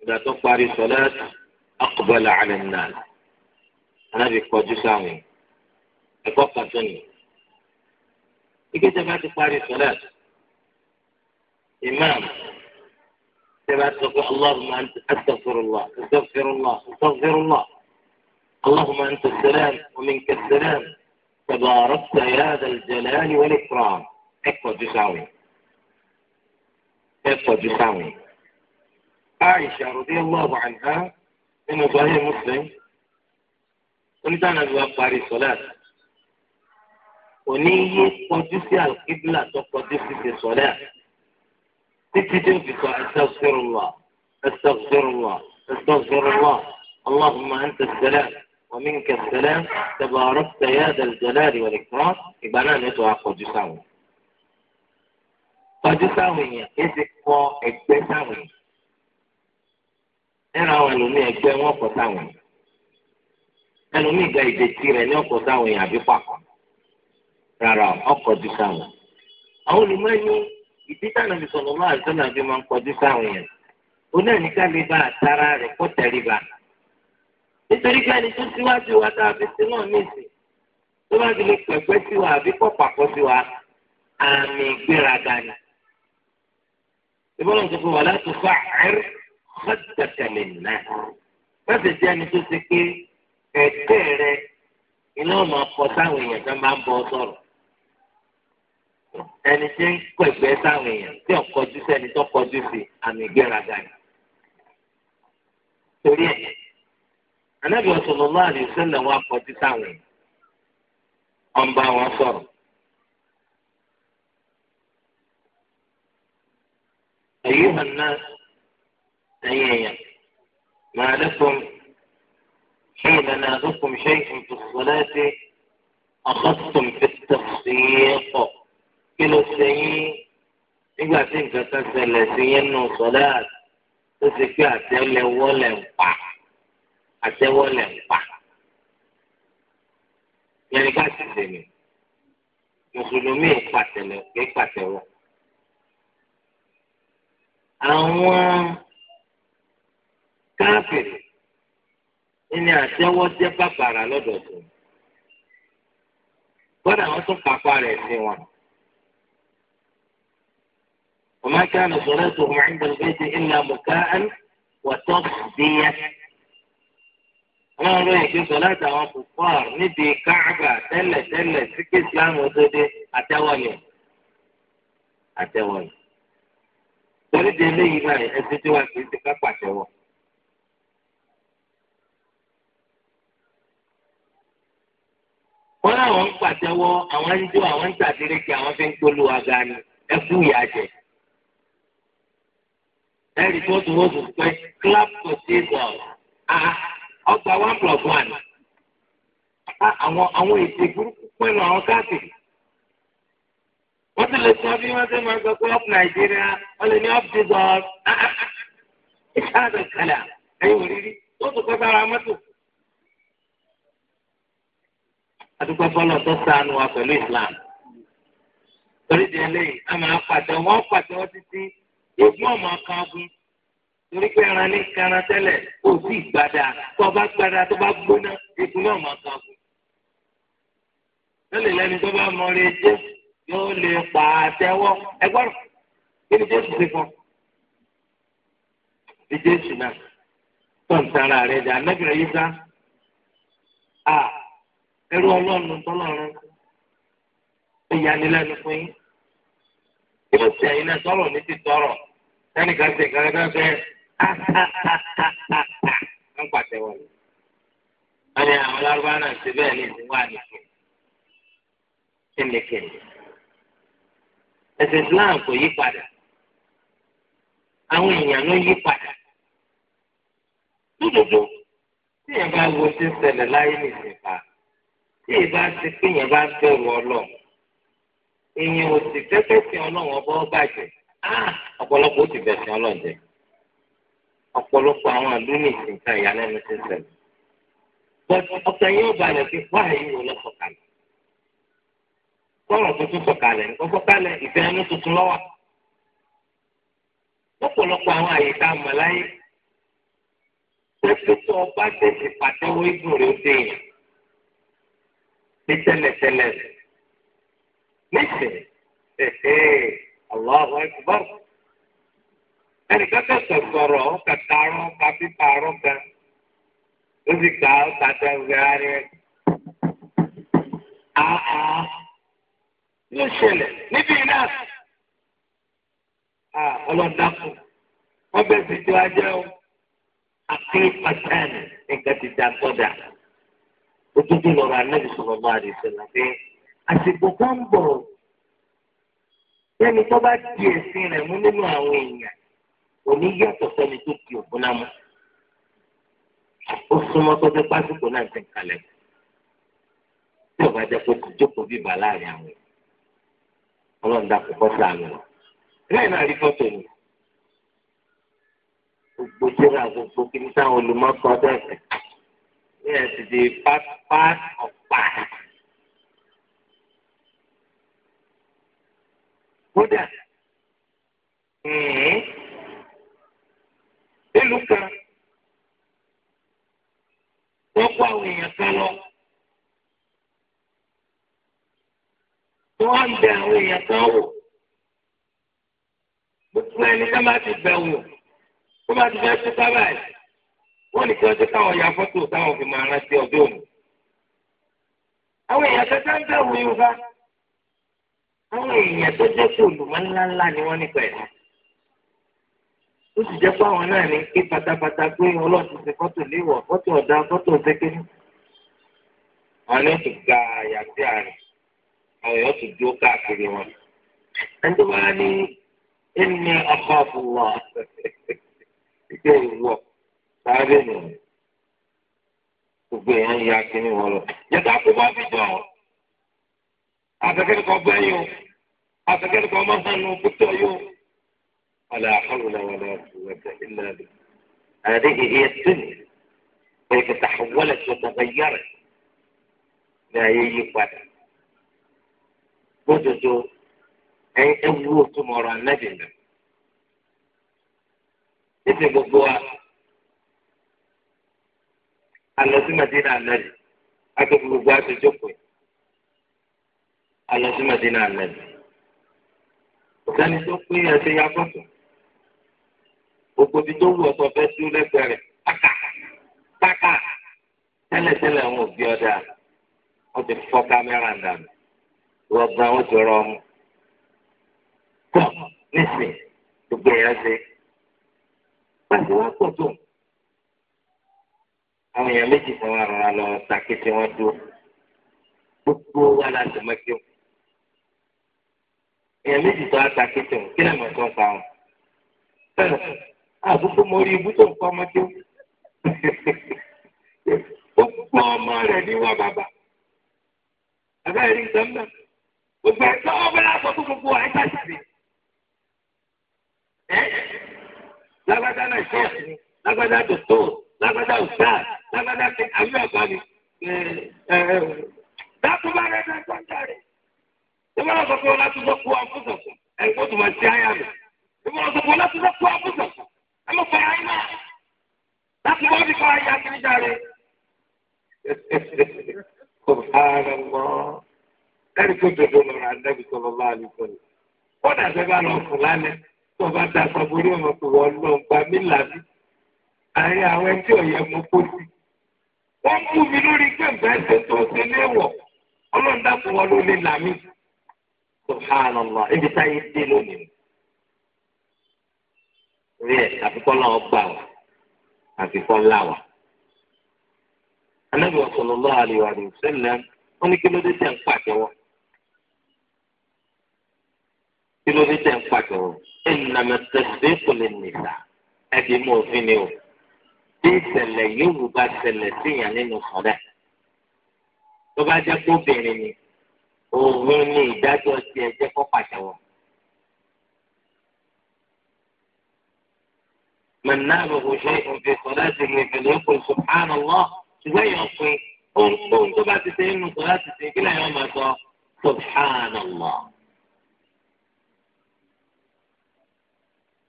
ìgbà tó parí sọ láti aqbala ala an-nas anábì kọjú sáwọn ẹ̀kọ́ kan tó nìyí bá ti parí sọ láti tẹ́lá sọ pé allahumma anta astaghfirullah astaghfirullah astaghfirullah allahumma anta as-salam wa minka as-salam tabarakta ya dhal jalali wal ikram ẹ̀kọ́ ju sáwìn ẹ̀kọ́ ju sáwìn. aisha radiyallahu anha nínú sahih muslim onítànàbí wa parí sọlá òní yé kọjú sí àlùkíbílà tó kọjú sí ti sọlá títí tó fi kọ́ astaghfirullah astaghfirullah astaghfirullah allahumma anta as-salam wa minka as-salam tabarakta ya dal jalali wal ikram ìgbà náà ni tó a kọjú sáwọn. kọjú sáwọn èèyàn kí ti kọ ẹgbẹ́ sáwọn èèyàn nínú àwọn ẹlòmíì ẹgbẹ́ wọn kọ sáwọn èèyàn ẹlòmíì ga ìdẹ̀tì rẹ̀ ní ọkọ̀ sáwọn èèyàn àbí pàkọ́ rárá ọkọ̀ ju sáwọn. àwọn olùmọ̀ẹ́ni ìdí táwọn ẹni sọ̀rọ̀ máa ìtọ́ náà fi máa ń kọjú sáwọn èèyàn oní ẹ̀nìkan lè bá àtàrà rẹ̀ kó tẹríba nítorí pé ẹni tó síwájú wa tá a fi sí náà nísìn tó bá ti lè pẹ̀gbẹ́ sí wa àbí kọ́ pàkọ́ sí wa àmì ìgbéraga ni ìbọ̀lọ̀ tó fi wà láti fa ẹ̀rù xọ́tẹ̀tẹ̀lẹ̀ náà má sì jẹ́ ẹni tó ti pé ẹ̀tẹ́ rẹ iná máa kọ sáwọn èèyàn ẹni tí ń pẹ̀gbẹ́ sáwọn èèyàn tí ò kọjú sẹ́ni tó kọjú sí àmì ìgbéraga yìí. torí ẹ̀ anábì sallallahu alaihi wasallam wọn kọjú sáwọn èèyàn wọ́n bá wọn sọ̀rọ̀. أيها الناس أيها ما لكم حين نادكم شيء في الصلاة أخذتم في التصديق kí ló ṣe yín nígbà tí nǹkan kan ṣẹlẹ̀ sí yín nù sọ́dá tó ṣe pé àtẹ́lẹwọ́ lẹ̀ ń pa àtẹ́wọ́ lẹ̀ ń pa yẹn ni ká sì sèmi mùsùlùmí pàtẹ́lẹ̀ pé pàtẹ́wọ́ àwọn káfíìnì ní àtẹ́wọ́ jẹ́ bàbàrà lọ́dọ̀ tó kọ́dà wọ́n tún kápá rẹ̀ sí wọn. وما كان صلاتهم عند البيت إلا مكاء وتصدية wọ́n ròyìn pé sọ̀láàtì àwọn kùfọ́ọ̀r níbi káàbà tẹ́lẹ̀tẹ́lẹ̀ sí kí islam òdodo àtẹ́wọ̀nì àtẹ́wọ̀nì. torí de eléyìí báyìí ẹsẹ̀ tí wàá kìí ti ká pàtẹ́wọ̀. wọ́n láwọn ń pàtẹ́wọ́ àwọn ń jó àwọn ń tàdírékì àwọn fi ń polówó aga ni ẹ kú ìyá jẹ. ẹ̀rí tó tún ó tún pé clap for jesus ọgbà one plus one ah, àwọn àwọn ètò burúkú pẹ̀lú àwọn káàkiri wọ́n ti lè sọ bí wọ́n ti máa gbọ́ pé up nàìjíríà wọ́n lè ní up jesus ìṣáàdọ̀ kẹlẹ̀ ẹ̀yìn òrírí ó tún pẹ́ bára mọ́tò. adúgbò fọlọ́ tó ṣàánú wa pẹ̀lú islam torí di eléyìí a máa pàtẹ wọ́n pàtẹ títí. èyí ọmọ kagun torí pé ara ní kara tẹ́lẹ̀ kò sí gbada tó bá gbada tó bá gbóná ní ọmọ tó bá mọ rẹ yóò pa kí ni jésù ti fún ní jésù náà tó ń tara rẹ yìí sá a ẹrú ọlọ́run tọ́lọ́run ìyanilẹ́nu fún yín. yóò ṣe ẹ̀yin náà sọ̀rọ̀ ní ti tọrọ sẹ́nìkan ṣe náà ha ha ha ha náà ṣe bẹ́ẹ̀ ní Islam kò yí padà àwọn èèyàn ló yí padà tí èèyàn bá wo ń ṣẹlẹ̀ láyé tí èèyàn bá pé èèyàn bá bẹ̀rù Ọlọ́run. èèyàn ò sì fẹ́fẹ́ sí ọlọ́run ọba ọba jẹ ah, ọ̀pọ̀lọpọ̀ ó ti ọlọ́run jẹ ọ̀pọ̀lọpọ̀ àwọn àlùmí ìsìnká ìyàlẹ́nu ti ṣẹlẹ̀ ọ̀sẹ̀ yóò balẹ̀ pé wáyé wò lọ sọ̀kalẹ̀ kọ́rọ̀ tuntun tuntun lọ́wọ́ àwọn àyíká mọ̀láyé ọba tẹ̀sí pàtẹ́wọ́ rẹ̀ ó nísìnyí Allahu Akbar ẹnìkan kan sọ̀rọ̀ ọ̀hún kàtà arọ́ ka pípa arọ́ ga ó sì kà ó kàtà ọ̀gá rẹ̀ àá yóò ṣẹlẹ̀ níbi náà ọlọ́dàkùn wọ́n bẹ̀ sí ju ajẹ́ o akéwì pàtàkì nǹkan ti dà gbọ́dà ojúdú lọ́rọ̀ anábìsọ̀rọ̀ máa rí sẹ́la pé àsìkò kan bọ̀ sẹ́ni tó bá di ẹ̀sìn rẹ̀ mú nínú àwọn èèyàn òní yàtọ̀ sẹ́ni tó di ògùn náà mú ó súnmọ́ tó fẹ́ pásítọ̀ náà ti ń kalẹ̀ tí ọba jẹ́ pé kò jókòó bíbà láàrin àwọn èèyàn ọlọ́run dà púpọ̀ sáànù lọ lẹ́yìn náà rí fọ́tò ni gbogbo jẹ́ra gbogbo kí n táwọn olùmọ̀kọ́ bẹ́ẹ̀ bẹ́ẹ̀ ti di part part of kódà nílùú kan wọ́n kó àwọn èèyàn kan lọ. wọ́n bẹ àwọn èèyàn kan wò gbogbo ẹni ká má ti bẹ̀ wò kó má ti tó sábà yìí wọ́n àwọn èèyàn tó jẹ́ pé olùmọ̀ ńláńlá ni wọ́n nípa ẹ̀sìn ó sì jẹ́ pé àwọn náà ní ké pátápátá pé ọlọ́run ti fọ́tò léwọ̀ fọ́tò ọ̀dà fọ́tò ṣẹ́kẹ́ni àwọn yóò ti ga àyà sí àárín àwọn yóò ti dúró káàkiri wọn ẹni tó ní ẹni ọkọ̀ fún wọn ìwọ sáré nù gbogbo èèyàn ya kíní wọn lọ yẹ ká kó bá fi jọ o. àtẹ̀kẹ́rù kan máa hàn nù Na yóò. wàlẹ̀ àkọlùlẹ̀ wàlẹ̀ àtúwẹ̀tẹ̀ ilẹ̀ rẹ̀. هذه هي الدنيا كيف تحولت وتغيرت لا يقبل gbódodo ewu òtúmọ̀rọ̀ anábì nà. Níbi gbogbo wa, alọ́símọ̀dínà anábì, akẹ́kọ̀ọ́ gbogbo aṣojú pè, alọ́símọ̀dínà anábì. sẹ́ni tó pé ẹsẹ̀ ya sọ́tọ̀ gbogbo ibi tó wù ọ̀sọ̀ fẹ́ dúró lẹ́gbẹ̀ẹ́ rẹ̀ pátá pátá tẹ́lẹ̀tẹ́lẹ̀ wọn ò bí ọ̀dà wọ́n ti fọ́ kámẹ́rà dànù rọ̀gbà wọ́n ti rọ ọmọ pọ̀ nísìn gbogbo èèyàn ṣe pàṣẹ wọn pọ̀ tó àwọn èèyàn méjì kan wà rọra lọ sàkété wọn dúró gbogbo wa la sì mọ́kí wọn èèyàn méjì tó ata kéte ọ̀ kí lè mọ̀ tó ta wọn. àkókò mo rí ibú tó ń kọ́ ọmọdé ó. ó kó ọmọ rẹ̀ ní wá bàbá. bàbá yẹn rí nǹkan náà. gbogbo ẹ̀ tó ọmọ yẹn sọ fún gbogbo ẹ̀ jáde lágbádá náà ṣọ́ọ̀ṣì ni lágbádá dòtò lágbádá òṣà lágbádá kí àbí àbá mi. dákúbárẹ̀ náà sọ́jà rẹ̀ ìbá wọn sọ pé wọn láti sọ kú àfúsọ̀sọ̀ ẹ̀ kó tó máa ti àyà mi ìbá wọn sọ pé wọn láti sọ kú àfúsọ̀sọ̀ ẹ mọ̀ fẹ́ ayé náà láti wọ́n fi kọ́ ayé akérèjáre. kò fara mọ́ *laughs* ẹni tó dodo lọ́rọ̀ adábì sọ̀rọ̀ bá a lè sọ̀rọ̀ kódà tẹ bá lọ fún lálẹ́ tó bá da sọ̀bùrú ọmọ pé wọ́n lọ gba mí làbí àárín àwọn ẹtí ọ̀yẹ́ mọ́ kó wọ́n mú mi lórí pé nǹkan tó ṣe léwọ̀ ọlọ́run wọn ló lè là subhanallah ibi táyé dé lónìí orí ẹ àfikọ́ náà gbà wá àfikọ́ ńlá wá. anábì sallallahu alaihi wa sallam wọ́n ní kí ló dé tẹ̀ ń pàtẹ́wọ́ kí ló dé tẹ̀ ń pàtẹ́wọ́ innama tasbiqu lin-nisa ẹ̀dì mú òfin ni o bí òun ni ìdájọ́ ti ẹjẹ́ kó pàṣẹ wọn. pàṣẹwọ́. من ناله شيء في صلاته فليقل سبحان الله ṣùgbọ́n èèyàn pe ohun tó ń bá ti ṣe nínú sọ láti ṣe kí lẹ́yìn ọmọ sọ subhanallah.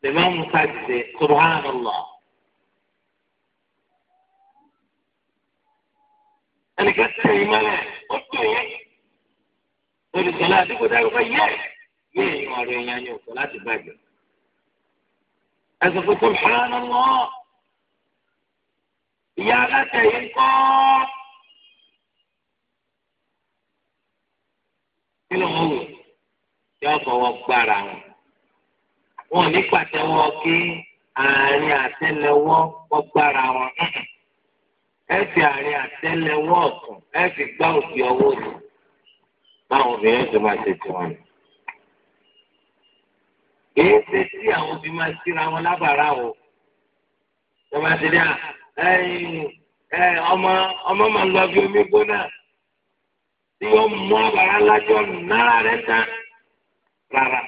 lèmi ọmọ ká ti ṣe subhanallah. ẹnìkan tẹ̀lé mọ́lẹ̀ ó tún yẹ. lórí sọlá àdúgbò dáhùn pé yẹ yé èèyàn ọ̀rọ̀ èèyàn ni òkú láti bàjẹ́. ẹ̀sùn tuntun ṣáná lọ ìyá aláṣẹ yìí ń kọ́. kí ló ń wò yọ fọwọ́ gbára wọn wọn ò ní pàtẹ́wọ́ kí àárín àtẹ́lẹwọ́ wọ́n gbára wọn ẹ àárín àtẹ́lẹwọ́ ọ̀tún ẹ gbá òbí ọwọ́ òtún. báwọn obìnrin ṣe máa ṣe tiwọn. kìí ṣe tí àwọn obìnrin máa ṣíra wọn lábàárà o wọ́n máa ṣe dí à ọmọ ọmọ máa lọ bí omi gbóná tí mú náírà tán rárá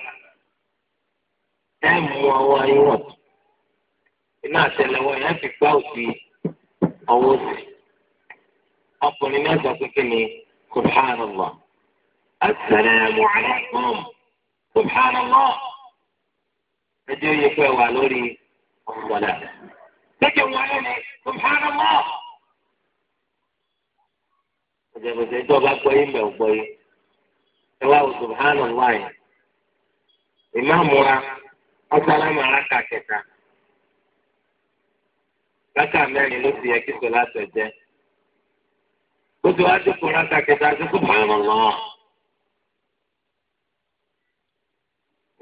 ẹ mú iná yẹn fi gbá òsì ọwọ́ sí السلام عليكم سبحان الله ẹjọ́ yẹ pé wà lórí ọ̀pọ̀lá lẹ́jọ́ wà lórí سبحان الله ọ̀jẹ̀bùsẹ̀ ìjọba gbọ́ yín bẹ̀ gbọ́ yín سبحان الله yẹn ìmáàmúra ọ̀sálámù aláka kẹta rákà mẹ́rin ló سبحان الله.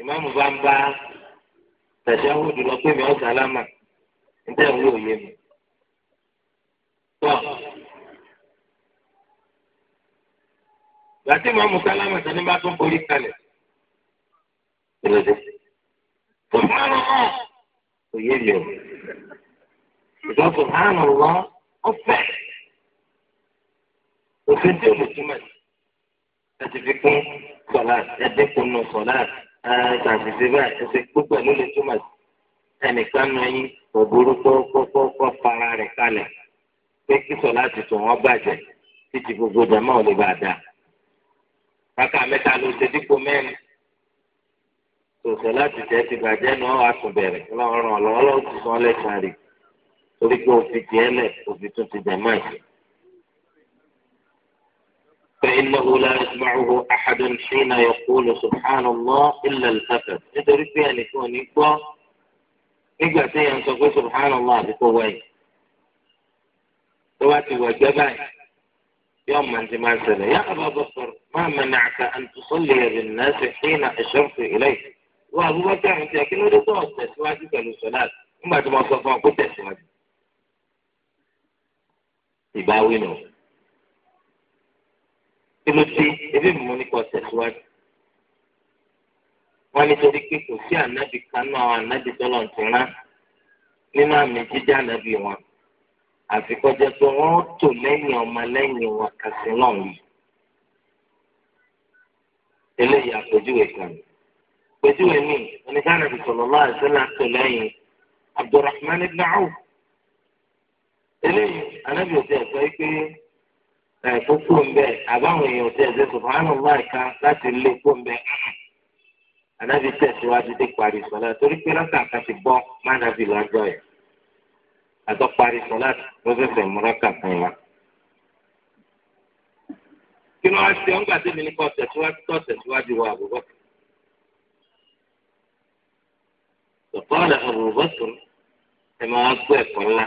ìmáàmù bá ń bá tàṣà wò jùlọ pé mi ò sálámà níta ìwé òye mi. tọ́ gbàtí ìmáàmù sálámà tani bá tún borí kalẹ̀ kò sáré hàn òye mi ò ìjọ kò sáré lọ ọ̀fẹ́ òfin tí o lè túmọ̀ sí láti fi kún sọ̀lá ẹ̀dínkù nù sọ̀lá ṣàṣìṣe bẹ́ẹ̀ ṣe gbogbo ẹ̀ ló lè túmọ̀ sí ẹnìkan nu ẹyin kò burú kọ́kọ́kọ́ fara rẹ̀ kalẹ̀ pé kíso láti tún wọn bàjẹ́ títí gbogbo jama ò lè bá a dà kàkà mẹ́ta ló ṣe dípò mẹ́rin tòṣọ láti tẹ̀ ti bàjẹ́ nu ọ́ àtún bẹ̀rẹ̀ lọ́rùn ọ̀lọ́ọ̀lọ́ ti sọ lẹ́sàn-án rè torí pé òfin tiẹ̀ lẹ̀ òfin tún ti jama yìí. فإنه لا يسمعه أحد حين يقول سبحان الله إلا الأسد إذا ربي يعني أن يكون يقوى نقوى يعني سيئا تقول سبحان الله بقوي تواتي وجبان يوم من زمان سنة يا أبا بكر ما منعك أن تصلي للناس حين أشرت إليك وهو بكر أنت لكن أريد أن أستسواجك للصلاة ثم أتبع صفاء كنت أستسواجك يباوينه kíló dé ebi mímú ní kò tẹ̀síwájú. wọ́n nítorí pé kò sí ànábì kan náà àwọn ànábì tọ́lọ̀ ń tún rán nínú àmì jíjẹ́ ànábì wọn àfikọ́jẹ́ pé wọ́n tò lẹ́yìn ọmọ lẹ́yìn wọn kàṣí náà yìí. eléyìí àpèjúwe kan àpèjúwe mi oníkànnà sallallahu alaihi wasallam tò lẹ́yìn Abdurrahman ibn Awf eléyìí ànábì òde ẹ̀fọ́ yìí pé kókó ń bẹ àbáwọn èèyàn tẹ ẹsẹ sọfàánù máa kan láti lé kó ń bẹ anábì tẹsíwájú dé parí sọlá torí pé rákà kan ti gbọ́ má dàbí lọ́jọ́ yẹn àtọ́ parí sọlá ló fẹ́fẹ́ mú rákà kí ló wá ṣe ọ́n gbà tẹ́mi ní kọ́ tẹ̀síwájú tọ́ tẹ̀síwájú wa àbúrò. sọ̀kọ́ ọ̀la àbúrò bọ́sùn ẹ̀ máa gbọ́ ẹ̀kọ́ ńlá.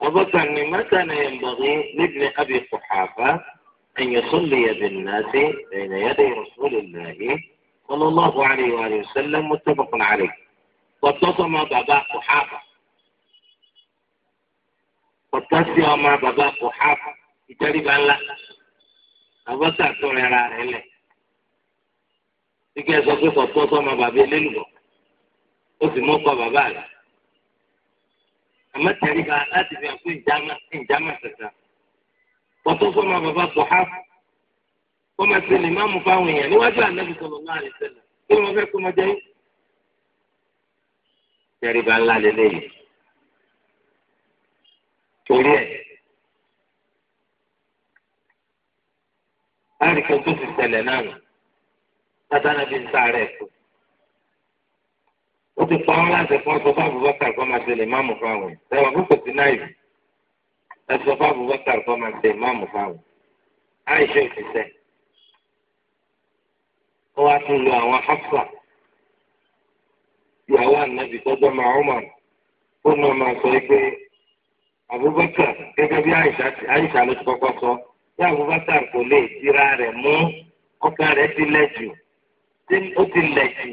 وبكى ما كان ينبغي لابن أبي قحافة أن يصلي بالناس بين يدي رسول الله صلى الله عليه وآله وسلم متفق عليه واتصم بابا قحافة واتصم بابا قحافة يتريب الله أبكى تنرى إليه Ike sọ pé kọ̀tọ́ sọ́mọ bàbá elélùbọ̀, ó sì àmọ́ tẹ̀lé ba láti fi hàn fún ìjàmà ìjàmà tẹ̀tà. Kọ́tọ́ fọmọ bàbá Bọ̀há fọmọ sí ni máàmù fáwọn èèyàn níwájú ànábì sọ̀rọ̀ náà lè sẹ́lẹ̀ kí wọ́n fẹ́ kó máa jẹ́ yín. Tẹ̀lé ba ńlá lélẹ́yìí. Torí ẹ̀. Láàrín kan tó ti ṣẹlẹ̀ náà, Tátánà bí ń sáré ẹ̀kọ́ ti pa ọ́ láti fún ọsọ fún Abubakar kọ́ máa ṣe lè máàmù fáwọn ẹ̀rọ púpọ̀ sí náírà ẹsọ fún Abubakar kọ́ máa ṣe máàmù fáwọn Aisha òṣìṣẹ́ ó wá tún lo àwọn Hafsa ìyàwó ànábì tọ́jọ́ máa ọmọ ó náà máa sọ pé Abubakar gẹ́gẹ́ bí Aisha ló ti kọ́kọ́ sọ bí Abubakar kò lè jíra rẹ̀ mú ọkàn rẹ̀ ti lẹ̀ jù ó ti lẹ̀ jù.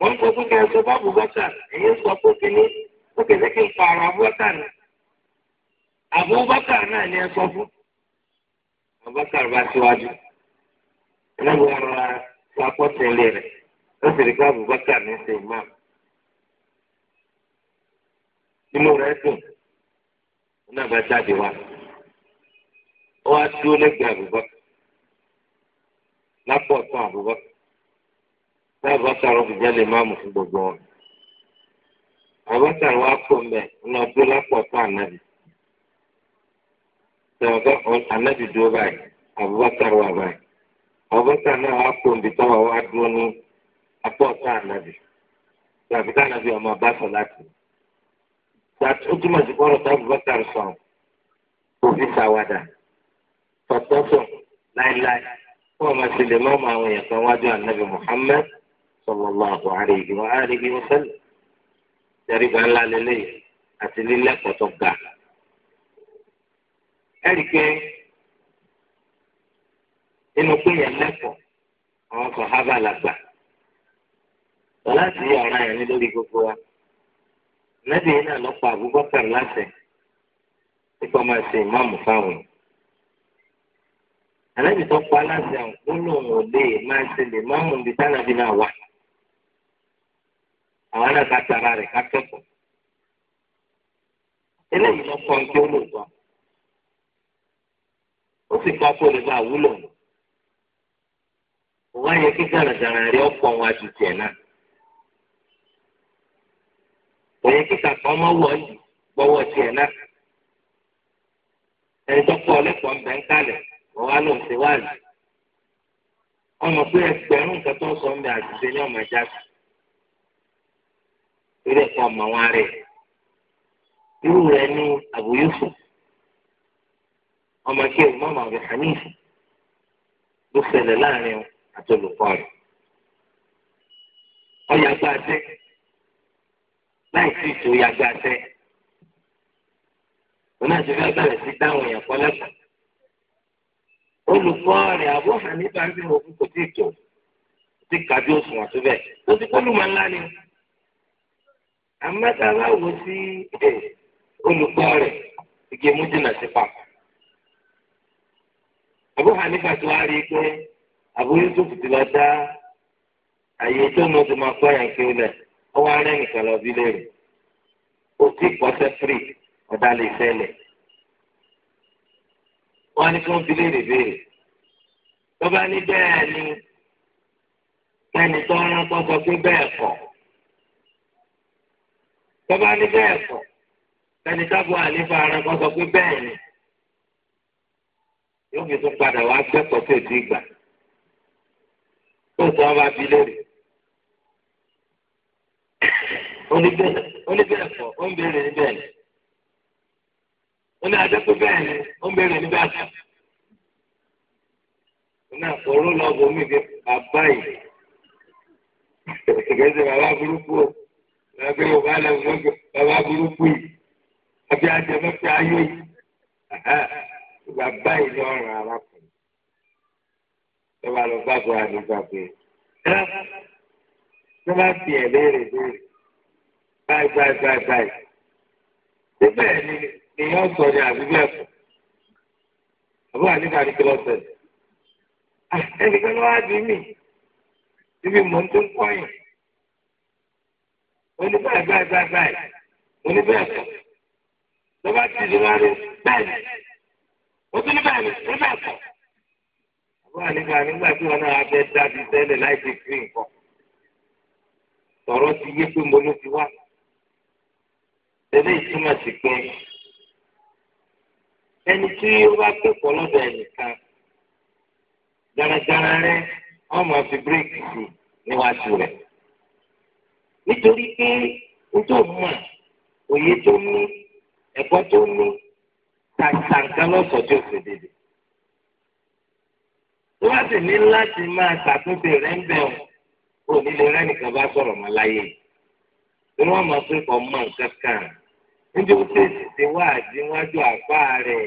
wọ́n ń sọ fún kí n sọ báàbù bọ́tàn èyí ń sọ fún kí ní ó kẹ̀lé kí n pààrọ̀ abúbọ́tàn abúbọ́tàn náà ni ẹ sọ fún abúbọ́tàn bá síwájú ẹlẹ́gbẹ́ ọ̀rọ̀ sàkọ́tẹ̀lẹ̀ rẹ̀ ó sì rí ká abúbọ́tàn ní ṣe imam inú dùn sábàtàrọ fi jẹ lè máàmù fún gbogbo wọn àbàtàrọ wa pọ mbẹ ọnà dúró lápò ọtọ ànábì sọgbà ànábì dúró báyìí àbàtàrọ wa báyìí àbàtàrọ náà wa pọ mbẹ tọwọ wa dúró ní apọ anabi. ànábì tàbí anabi ọmọ bá láti tàbí ó túmọ̀ sí kọ́rọ̀ tó àbàtàrọ sọ òfin sàwádà tọ̀tọ̀ sọ láéláé fún ọmọ sílẹ̀ mọ́mọ́ àwọn èèyàn kan wájú Muhammad. sallallahu alayhi wa alihi wa sallam tẹ̀rí gba ńlá lélẹ́yìn àti lílẹ́kọ̀ọ́ tó ga. ẹ̀rí pé inú péye lẹ́kọ̀ọ́ àwọn sọ̀hábà làgbà láti ọ̀ràn yẹn ní lórí gbogbo wa. Nàbí yìí náà lọ́pọ̀ Abubakar láṣẹ nípa máa ṣe ìmáàmù fáwọn. Àlẹ́bí tó pa aláṣẹ àwọn àwọn náà ká tara rẹ̀ ká kẹ́kọ̀ọ́ eléyìí lọ kọ́ ẹgbẹ́ olóògbọ́n ó sì kọ́ kó lè bá wúlò ní òwò ayé kí gàràgàrà rẹ ọ̀pọ̀ wọn àti tiẹ̀ náà òye kíkà kan mọ́ wọ̀ yìí gbọ́wọ́ tiẹ̀ náà ẹni tó kọ́ ń bẹ́ ń kalẹ̀ wọ́n wá lóun ṣe wáàlì ọmọ pé ẹgbẹ̀rún nǹkan tó ń sọ ní ọmọ ẹja sí torí ẹ̀kọ́ ọmọ wọn rẹ̀ irú rẹ̀ ní Abu Yusuf ọmọ kí ẹ̀rù mọ́mọ́ Abu Hanif ló ṣẹlẹ̀ láàrin àti olùkọ́ rẹ̀ ọyà gbàtẹ́ láì sí ìtò ọyà gbàtẹ́ wọn náà ti fẹ́ bẹ̀rẹ̀ sí dáhùn èèyàn kọ́ lẹ́kọ̀ọ́ olùkọ́ rẹ̀ Abu Hanif bá ń bẹ̀rẹ̀ òkú kò tí ì tó ti kàdí òṣùwọ̀n tó bẹ̀ ó ti kọ́ lùmọ̀ ńlá ni. àmọ́tà bá wò sí olùkọ́ rẹ̀ igi mújìnà sí papọ̀. Abu Hanifa tó wá rí pé Abu Yusuf ti lọ dá àyè tó nù tó máa kọ́ yàn kí ó lẹ̀ ó wá rẹ́ nìkan lọ bí léèrè. Ó ti pọ́sẹ́ firi ọ̀dà lè fẹ́lẹ̀. Wọ́n á ní kí wọ́n ni bàbá ní bẹ́ẹ̀ kọ́ ẹni bụ àlefa ara kan sọ pé bẹ́ẹ̀ ni yóò fi tún padà wá gbẹkọọ tó ti gbà tó tún ọba bí lórí oníbẹ̀ẹ̀ kọ́ ó ń béèrè níbẹ̀ ni adé pé bẹ́ẹ̀ ni ó ń ẹgbẹ́ yorùbá lẹ́nu lọ́gbẹ́ bàbá burúkú yìí àbí ajẹmọ́tì ayé yìí ìgbà báyìí ni ọ̀ràn arákùnrin tó bá lọ bá bọ̀ àdìgbà pé ẹ tó bá fi ẹ̀ léèrè léèrè báyìí báyìí báyìí báyìí síbẹ̀ ni èèyàn sọ ni àbí bẹ́ẹ̀ kọ́ àbúrò àdìgbà ni kí lọ sẹ̀ ah, ẹnìkan lọ́wọ́ á bí mi ibi mò ń tó ń kọ́ yìí. oní báyìí báyìí báyìí báyìí oní bẹ́ẹ̀ kọ́ lọ́ba ti di wáyé bẹ́ẹ̀ o tún ní bẹ́ẹ̀ ni o bẹ́ẹ̀ kọ́. àbúrò àníbà nígbà tí wọn náà abẹ dábì tẹ́lẹ̀ láì ti fi nǹkan tọ̀rọ̀ ti yé pé mo ló wá. ìtumọ̀ sí pé ẹni tí ó bá lọ́dọ̀ rẹ nítorí pé nítorí mọ̀ òye tó ní ẹ̀kọ́ tó ní tàǹtàǹkà lọ́sọ̀ tó fi dèdè. tó bá sì ní láti máa ṣàtúnṣe rẹ̀ ń bẹ̀ ọ́ nílé rẹ̀ nìkan bá sọ̀rọ̀ mọ́ láyé tí wọ́n mọ̀ pé kò mọ̀ nǹkan kan níbi ó tẹ̀sí ti wá àdínwájú àbá rẹ̀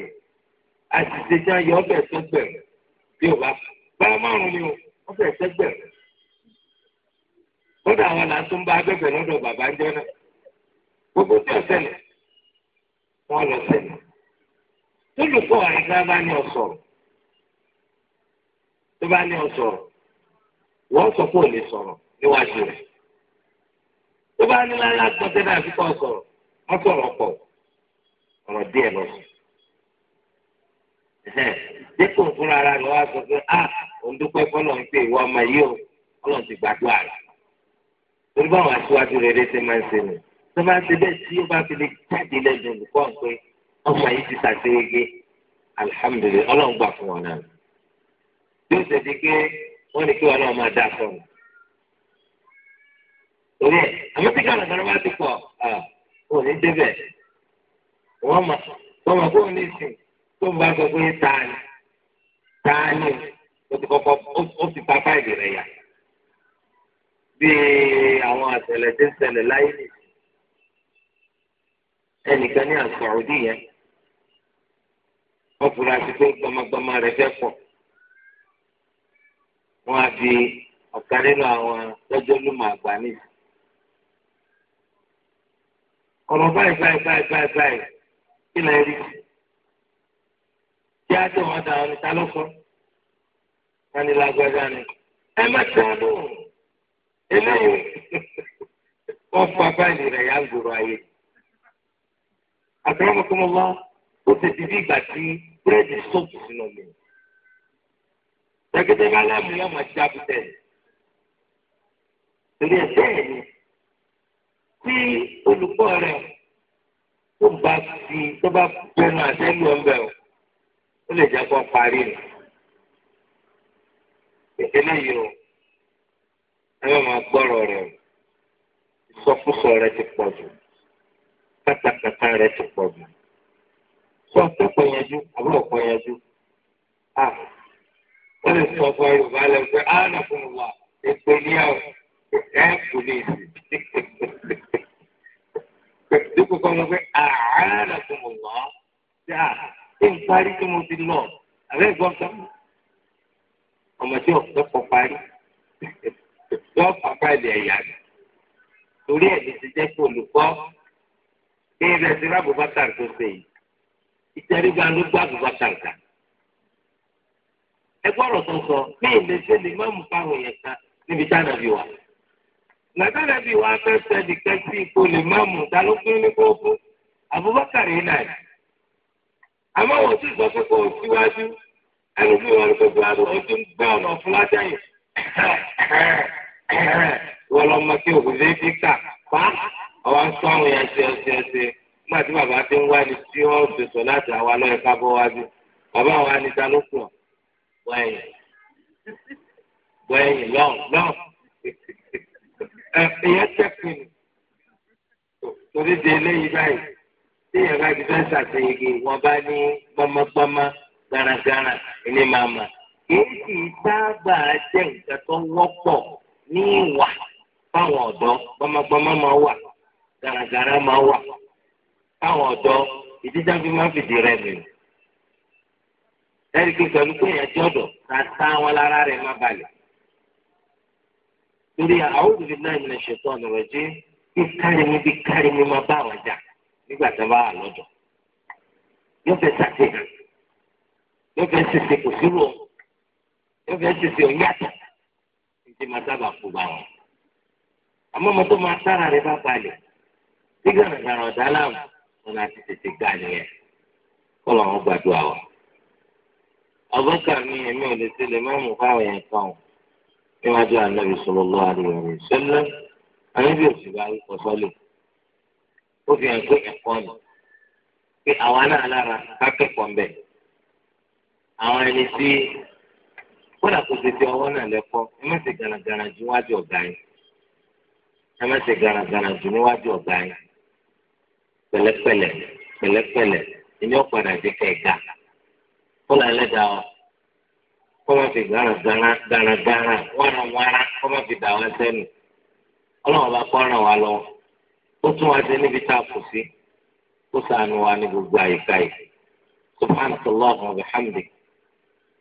àti ṣe jẹ́ ayọ̀ ọ̀bẹ̀ sẹ́gbẹ̀rún bí ó bá bá márùn-ún ni ó ọ̀bẹ̀ sẹ́gbẹ̀rún. kódà àwọn là ń tún bá abẹ́bẹ̀ lọ́dọ̀ bàbá ń jọ́nà gbogbo tí ò ṣẹlẹ̀ wọ́n lọ ṣẹlẹ̀ tólùkọ́ àìsà bá ní ọ̀sọ̀rọ̀ tó bá ní ọ̀sọ̀rọ̀ wọ́n sọ pé sọ̀rọ̀ níwájú rẹ̀ tó bá ní náà fi kọ́ sọ̀rọ̀ wọ́n sọ̀rọ̀ pọ̀ ọ̀rọ̀ díẹ̀ lọ sí dípò fúnra ara rẹ̀ sọ pé ah, torí báwọn aṣíwájú rere ṣe máa ń ṣe nù tó bá ṣe bẹ́ẹ̀ tí ó bá fi lè jáde lẹ́nu olùkọ́ pé ọmọ yìí ti ṣàṣeyege alihamudulilayi ọlọ́run gbà fún wọn náà yóò ṣe di pé wọ́n ní kí wọn náà máa dá sọ̀rọ̀ torí ẹ̀ àmọ́ tí káàdà kan bá ti pọ̀ ò ní débẹ̀ wọ́n mọ̀ wọ́n mọ̀ kó o ní ìsìn tó ń bá sọ pé tààní tààní o ti kọ́kọ́ o ti pa fáìlì rẹ̀ yàtọ̀ bí àwọn àṣẹlẹ̀ tí ń ṣẹlẹ̀ láyé nì ẹnìkan ní àṣàròdì yẹn wọ́n fura sí pé gbamagbama rẹ̀ fẹ́ pọ̀ wọ́n á di ọ̀kan nínú àwọn lọ́jọ́ lùmọ̀ àgbà nìyí ọ̀rọ̀ báyìí báyìí báyìí báyìí báyìí kí lè rí kí á tó wọn dà wọn níta lọ́kọ́ wọn ni lágbájá ni ẹ má tẹ́ ọ lóhùn eléyìí wọ́n fún abáyé rẹ̀ yá gbòòrò ayé àtàwọn ọmọkùnrin ọmọ ó ti di bí ìgbà tí búrẹ́dì sọ́ọ̀tù sínú mi gbẹgẹdẹ bá lámù yóò máa já bùtẹ torí ẹ bẹ́ẹ̀ ni tí olùkọ́ rẹ tó bá fi tó bá bẹnu àtẹnu ọbẹ o ó lè jẹ kó parí rẹ eléyìí o àwọn máa gbọ́rọ̀ rẹ̀ ìsọkúsọ rẹ̀ ti pọ̀ jù kátàkátà rẹ̀ ti pọ̀ jù sọ pẹ́pẹ́ yanjú àbúrò pọ̀ yanjú à wọ́n lè sọ fún yorùbá lẹ́nu pé àánà fún wa èpè ní àwọn ẹ̀ kò lè sí dípò kọ́ mọ̀ pé àánà fún wa ṣé à ṣé n parí tí mo ti lọ àbẹ́ ìgbọ́n ọmọ tí ọ̀pẹ́ kọ parí. yóò fà fáìlì ẹ̀yà rẹ̀ torí ẹ̀mí ti jẹ́ kó olùkọ́ bí ibẹ̀ ti rá Abubakar tó ṣe yìí ìtẹríba ló Abubakar kà ẹgbẹ́ ọ̀rọ̀ tó bí ilé lè má mú fáwọn yẹn kan níbi táwọn ẹbí wa gbàtà ẹbí wa fẹ́ nìkan Abubakar yìí náà àmọ́ wọ́n ti sọ pé kó o síwájú ẹnu bí wọ́n gbogbo wọ́n lọ mọ o òkú ṣe fi kà pa ọwọ́ ń sọ àwọn yẹn ṣe ọṣẹ ọṣẹ nígbà tí bàbá ti ń wá ní tí wọ́n ṣe sọ láti àwa lọ́yẹ̀ ká bọ́ wá bí bàbá wa ní ta ló pọ̀ wẹ̀yìn wẹ̀yìn lọ́n lọ́n ẹ̀yẹ́ tẹ̀kùn torí di eléyìí báyìí tí ìyẹn bá ti fẹ́ ṣàṣeyege wọn bá ní gbọmọgbọmọ garagara ní màmá. èyí sì sábà jẹ́ nǹkan tó wọ́pọ̀ ní ìwà fáwọn ọ̀dọ́ gbọmọgbọmọ máa wà gàràgàrà máa wà fáwọn ọ̀dọ́ ìdíjà fi máa fìdí rẹ̀ mi. ẹ̀rí kí pẹ̀lú pé èèyàn jẹ́ ọ̀dọ̀ tàtà wọn lára rẹ̀ má balẹ̀. torí àwọn òbí náà ìmìnira ṣètò ọ̀nà rẹ̀ jẹ́ kí kárí mi bí kárí mi máa bá àwọn jà níbi tí ti òun yàtọ̀ títí máa sábà kú bá wọn. àmọ́ ọmọ tó máa sára rẹ bá balẹ̀ tí gànàgànà ọ̀dà láàmú ọ̀nà àti tètè gbà nìyẹn kó lọ́wọ́ gbàdúrà wa. ọgọ́kà mi èmi ò lè tẹ̀lé má mú fáwọn yẹn kan o níwájú ànábì sallallahu alaihi wa sallam ànábì òsì bá rí kọ́sọ́lẹ̀ ó fi hàn pé ẹ̀kọ́ ni pé àwa náà lára kákẹ́kọ̀ọ́ kódà kò tètè ọwọ́ náà lẹ́kọ́ ẹ má ṣe gàràgàrà jù níwájú ọ̀gá yín ẹ má ṣe gàràgàrà jù níwájú ọ̀gá yín pẹ̀lẹ́pẹ̀lẹ́ pẹ̀lẹ́pẹ̀lẹ́ ẹni ọ̀padà jẹ́ kẹ̀ga kọ́lá ẹlẹ́dàá má fi wárawára má fi dà wá sẹ́nu bá kọ́ lọ ó tún wá sí níbi tá a kù sí ó wa ní gbogbo àyíká yìí subhanahu wa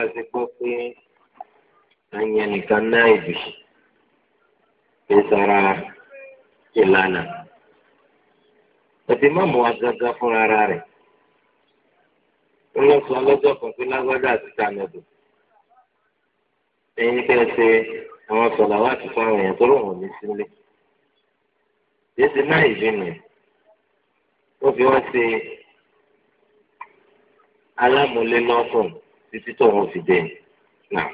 la ti gbọ́ pé àyàn nìkan náà ìbì ń sara ìlànà ẹtì má wa gángan fúnra rẹ̀ kan pé lágbádá àti kẹ́ ẹ ṣe àwọn ti àwọn èèyàn tó rò wọ́n ní sílé yéésì náà ìbí nù ó fi wọ́n títí tó ń fi dé náà.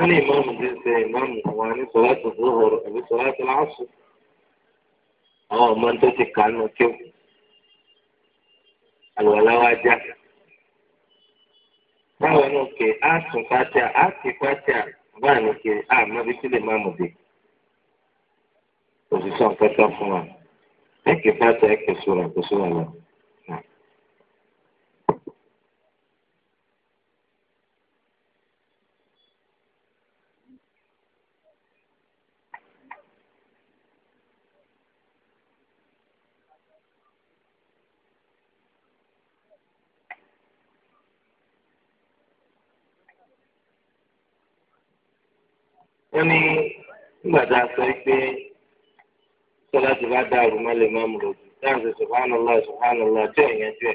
wọ́n ní ìmáàmù ti ń ṣe ìmáàmù wa ní sọ́láṣí zuhur àbí sọ́láṣí láàṣù àwọn ọmọ tó ti kànú tí ó àlùwàlá wa já báwo ni òkè á sùn pátá á ti pátá báwo ni òkè á mọ bí tí lè má mọ̀ dé òṣìṣẹ́ nǹkan tán fún wa ẹ pátá ẹ sùn rà kó sùn rà lọ. nígbà tá a sọ pé sọlá ti bá dàrú má lè má mú lòdì táwọn sọ subhanallah subhanallah tí ò yẹn jẹ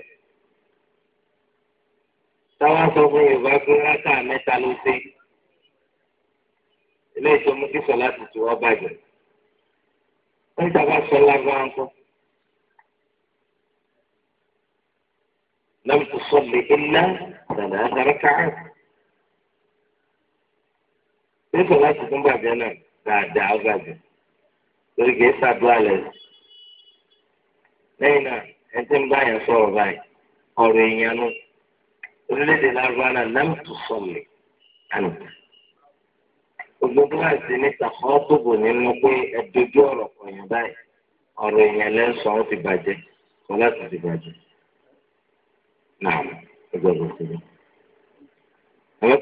táwọn sọ fún yorùbá pé rákà mẹ́ta ló dé ilé ìṣọmú kí sọlá ti tù ọ bàjẹ́ wọn sábà sọ lágbára ńkọ. لم تصلي إلا ثلاث ركعات. إيه صلاة تكون بعد أنا dáadáa ọgbà jù torí kìí ṣàdúrà lẹ́nu. lẹ́yìn náà ẹ ti ń sọ̀rọ̀ báyìí ọ̀rọ̀ orílẹ̀-èdè lárúbá náà àná. gbogbo níta nínú pé ẹ dojú ọ̀rọ̀ báyìí ọ̀rọ̀ lẹ́sọ̀ ti bàjẹ́ ti bàjẹ́. náà ẹ gbọ́dọ̀ àwọn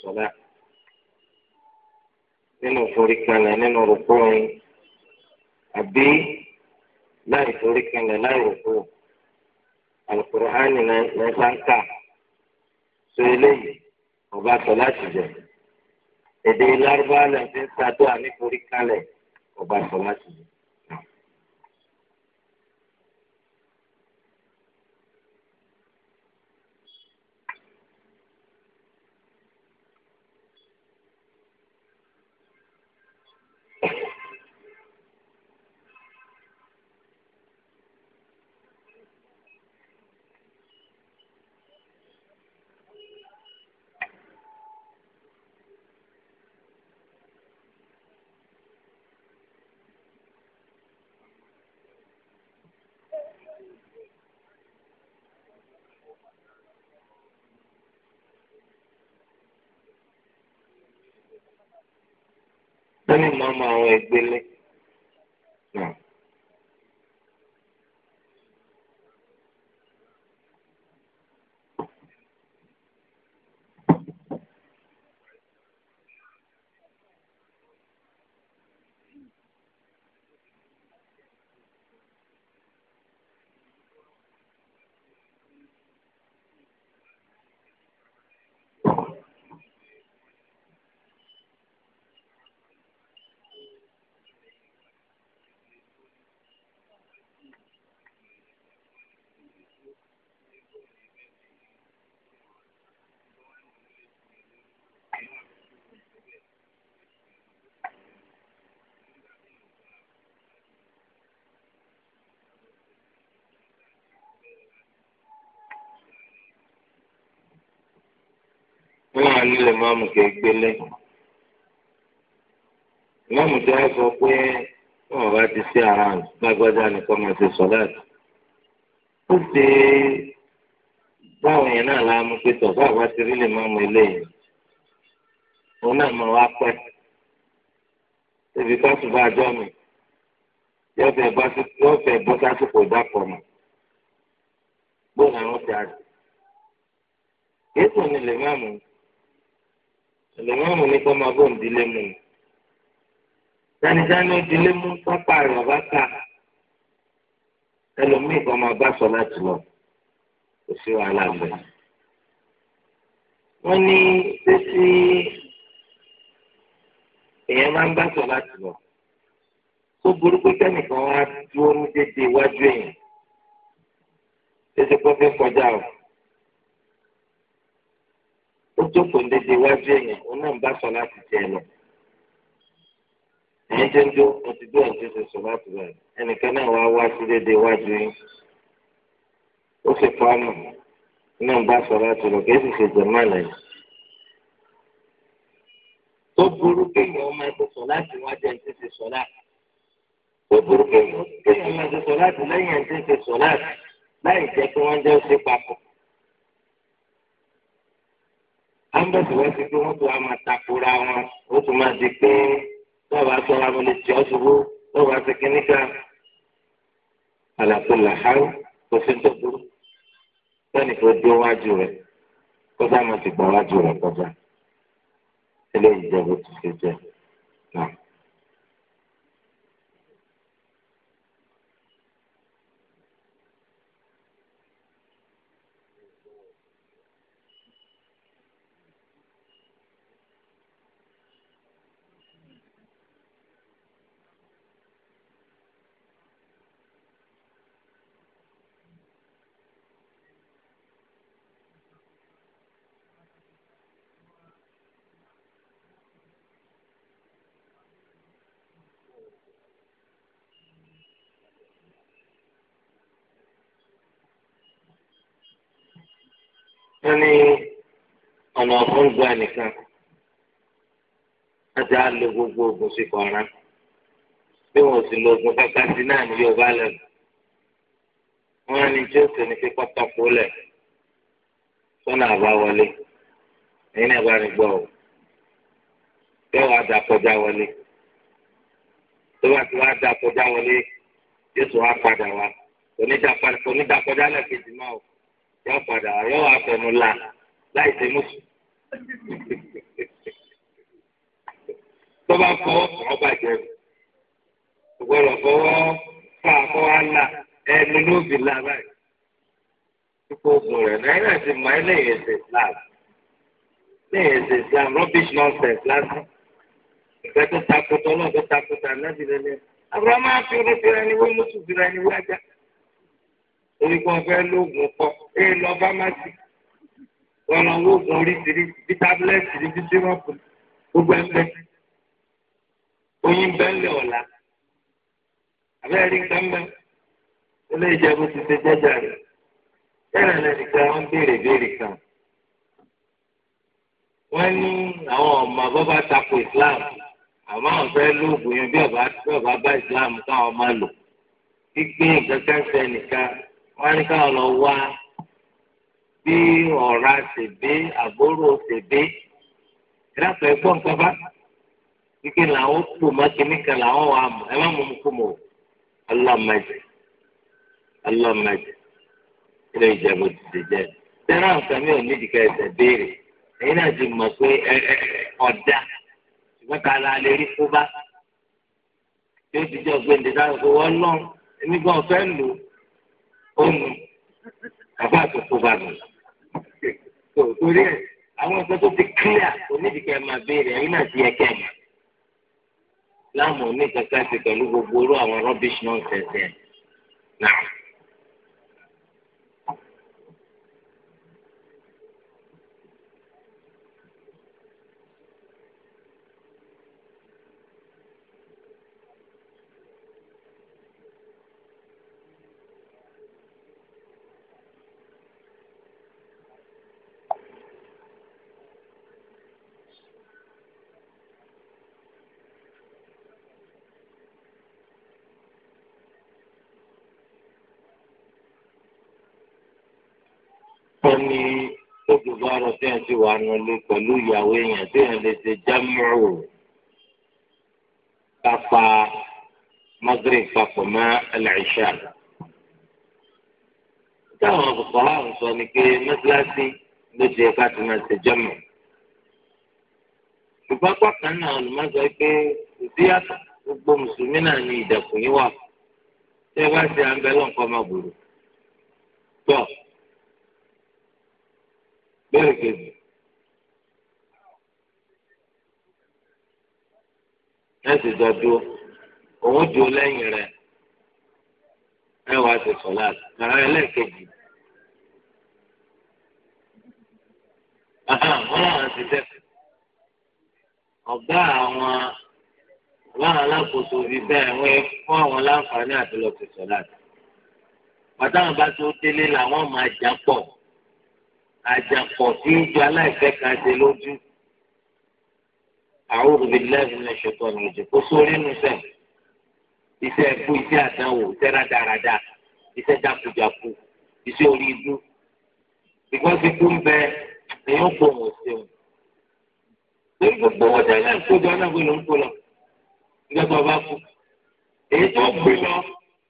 tó ń nínú ìforíkalẹ̀ nínú rògbò yẹn àbí láì ìforíkalẹ̀ láì rògbò alukur'ani lọ sáńkà so eléyìí ọba sọ láti jẹ èdè lárúbáwá lẹ́yìn tí ń sàdúrà níforíkalẹ̀ ọba sọ láti jẹ. máa wọn ẹgbẹ́ lẹ́ wọn alílẹ̀ mọ́mù kẹ́ gbélé mọ́mù tó yẹ sọ pé wọn bá ti ṣe ara gbàgbọ́dá nìkan máa ṣe sọ́láàtì ó ṣe báwọn yẹn náà la mú pé tọ̀gbọ́n àbá ti rí lè mọ́mù eléyìí òun náà mọ̀ wá pẹ́ ibi ká tún bá jọ́ mi yọ fẹ́ bọ́ sásìkò dápọ̀ mọ́ gbọ́dọ̀ àwọn ti àjò. Jésù ni lè máa ẹlòmíràn ní kọ́ máa bọ̀ ń mu ni dánidáni dilé mu pápá rẹ̀ bá ta ẹlòmíì kọ́ máa bá sọ láti lọ kò sí wàhálà bẹ́ẹ̀. wọ́n ní títí èèyàn máa ń bá sọ láti lọ tó burú pé kẹ́nìkan wá dúró ní dédé iwájú èèyàn tètè kó fẹ́ kọjá o jókòó dédé wájú èèyàn òun náà ń bá sọ láti tẹ ẹ lọ ẹ̀yin jẹ́ ń dó ọtí bí ọ̀n ti ṣe sọ láti rẹ̀ ẹnìkan náà wá wá sí dédé wájú yín ó sì fọ́ àmọ̀ náà ń bá sọ láti rẹ̀ kí ẹ sì ṣe jẹ̀mọ́ àlẹ́ yìí tó burú kéèyàn máa ṣe sọ láti wájú ẹni tí ń ṣe sọ láti tó burú kéèyàn máa ṣe sọ láti lẹ́yìn ẹni tí ń ṣe sọ láti láì jẹ́ kí wọ́n jẹ́ ó ṣe papọ̀. ń bẹ̀sẹ̀ wẹ́ sí pé wọ́n tún wá máa takora wọn ó tún máa di pé lọ́ọ̀bá tó wà lọ́lẹ̀ tí ó ṣubú lọ́ọ̀bá ti kí níkà àlàfo làhárù kò sí tó burú sẹ́ni tó dé wájú rẹ̀ kó sáà máa ti gbọ́ wájú rẹ̀ kọjá eléyìí jẹ́ bó ti ṣe jẹ́ náà. wọ́n ní ọ̀nà ọ̀fun gba nìkan láti lo gbogbo ogun sí kọ̀ọ̀rá bí wọ́n sì lo oògùn kankan sí náà ní Yorùbá lẹ́nu wọ́n ní tí ó sì ní pípọ́ tọ́kù lẹ̀ sọ́nà àbáwọlé ẹ̀yin náà bá ní gbọ́ ọ tẹ́wọ́ adàkọjá wọlé tó bá ti wá wọlé yóò tún wá padà wá onídàkọjá yọ padà yọ àfẹnù la láì ṣe mùsùn. tọ́ba fọwọ́ fọwọ́ fà kọ́ wa la ẹnu la báyìí. rẹ̀ náírà ti mọ ẹlẹ́yìn ẹsẹ̀ Islam. Ẹlẹ́yìn rubbish nonsense lásán. tó takùtà ọlọ́run tó takùtà náà ti lẹ́lẹ́. Àbúrò máa fi torí kí wọ́n fẹ́ lóògùn kọ́ ẹ lọ fámásì wọn lọ wóògùn oríṣiríṣi bí tábìlẹ́tì ní bí sírọ́pù gbogbo ẹgbẹ́ oyin bẹ́ẹ̀lẹ̀ ọ̀la abẹ́rẹ́ nǹkan mẹ́rin ilé ìjẹun ti ṣe jẹ́jà rẹ̀ bẹ́ẹ̀ lẹ́nìkan wọ́n béèrè béèrè kan wọ́n ní àwọn ọmọ bọ́bá tako Islam àmọ́ àwọn fẹ́ lóògùn yẹn bí ọba bá Islam káwọn máa lò gbígbé nǹkan kan sẹ́nìkan wọ́n ní káwọn lọ wá bí ọ̀ra ṣèbé àbúrò ṣèbé ìdáàtọ̀ ẹ̀gbọ́n nǹkan bá kíkẹ́ làwọn kù mọ́ kíníkan làwọn wà mọ́ ẹ má mú mu kú mọ́ ọlọ́mọdé ọlọ́mọdé ilé ìjẹ̀bù ti jẹ́ tẹ́lá nǹkan mi ò ní ìdíkà ẹ̀sẹ̀ béèrè ẹ̀yin náà ti mọ̀ pé ọ̀dà ṣùgbọ́n ká la lè rí kó bá tí ti jọ gbẹ̀ǹdẹ̀ dáhùn pé wọ́n lọ́n ẹ̀mí gan fẹ́ lò ó ó nu àbá àtòkò bá nù. torí ẹ àwọn nǹkan tó ti kílíà onídìkẹ́ máa béèrè ẹ̀yin náà ti yẹ kẹ́ ẹ̀ mọ̀. láàmú oníkàkà ti pẹ̀lú gbogbo orú àwọn rọ́bìṣì náà ń fẹsẹ̀ náà. wa nulẹ̀ pẹ̀lú ìyàwó èèyàn tí èèyàn lè ṣe jámùrù kápá magreth papọ̀ mọ́ ẹlẹ́ṣà. táwọn ọ̀pọ̀ àwọn sọ ni pé mẹ́tíláṣí ló ṣe ká ti máa ṣe jámù. ṣùgbọ́n pàkan náà olùmọ̀sọ pé kò gbogbo mùsùlùmí náà ni ìdẹ̀kùn yìí wà. tẹ́ bá ṣe àǹbẹ̀lọ́ nǹkan máa gbòòrò. bẹ́ẹ̀ láti dọdú òun dùn lẹ́yìn rẹ̀ ẹ wàá ti sọlá kàrá ẹlẹ́ẹ̀kejì wọn làwọn ti dẹkẹ ọgá àwọn wọn alákòóso ibi bẹ́ẹ̀ wọn fún àwọn láǹfààní àti lọ ti sọlá pàtàkùn bá tó délé làwọn máa jà pọ̀ àjàpọ̀ tí ń ju aláìfẹ́ kan ṣe lójú a'udhu billahi minash shaitani rajim kó sórí nù sẹ iṣẹ́ ẹkú iṣẹ́ àdánwò iṣẹ́ rádaràdà iṣẹ́ jákujàku iṣẹ́ orí ibú ìgbọ́n ti kú ń bẹ èyàn kò wọ́n ṣeun torí gbogbo wọn tẹ náà kó jọ náà gbé ló ń kó lọ nígbà tó bá kú èyí tó gbé lọ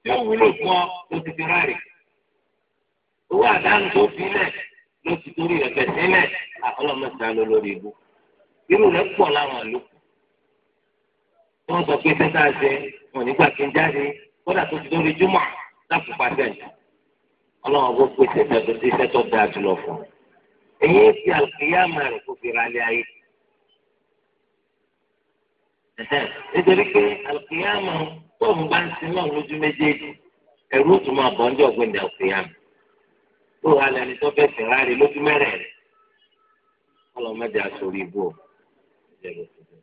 yóò wúlò fún ọ ló ti fi ráàrè owó àdánù tó fi lẹ ló ti torí rẹ̀ sílẹ̀ àkọlọmọsán ah, irú rẹ̀ pọ̀ láwọn ìlú wọ́n sọ pé sẹ́ńtà ṣe wọn nígbà tí ń jáde kódà tó ti lórí júmọ̀ láti pàṣẹ jù ọlọ́run kó pèsè ìfẹ́tọ́ sí ìfẹ́tọ́ dáa jùlọ fún un èyí ti àlùkìyàmà rẹ̀ kó fi ra lé ayé nítorí pé àlùkìyàmà tóun bá ń sin náà lójú méjèèjì ẹ̀rú tó máa bọ̀ ń jọ gbẹ̀ndẹ̀ àlùkìyàmà tó wà lẹ́ni tó fẹ́ sìn ráre lójú mẹ́rẹ̀ẹ̀rẹ̀ ọlọ́mọdé aṣọ orí ibú o jẹ́ bó ti jẹ́.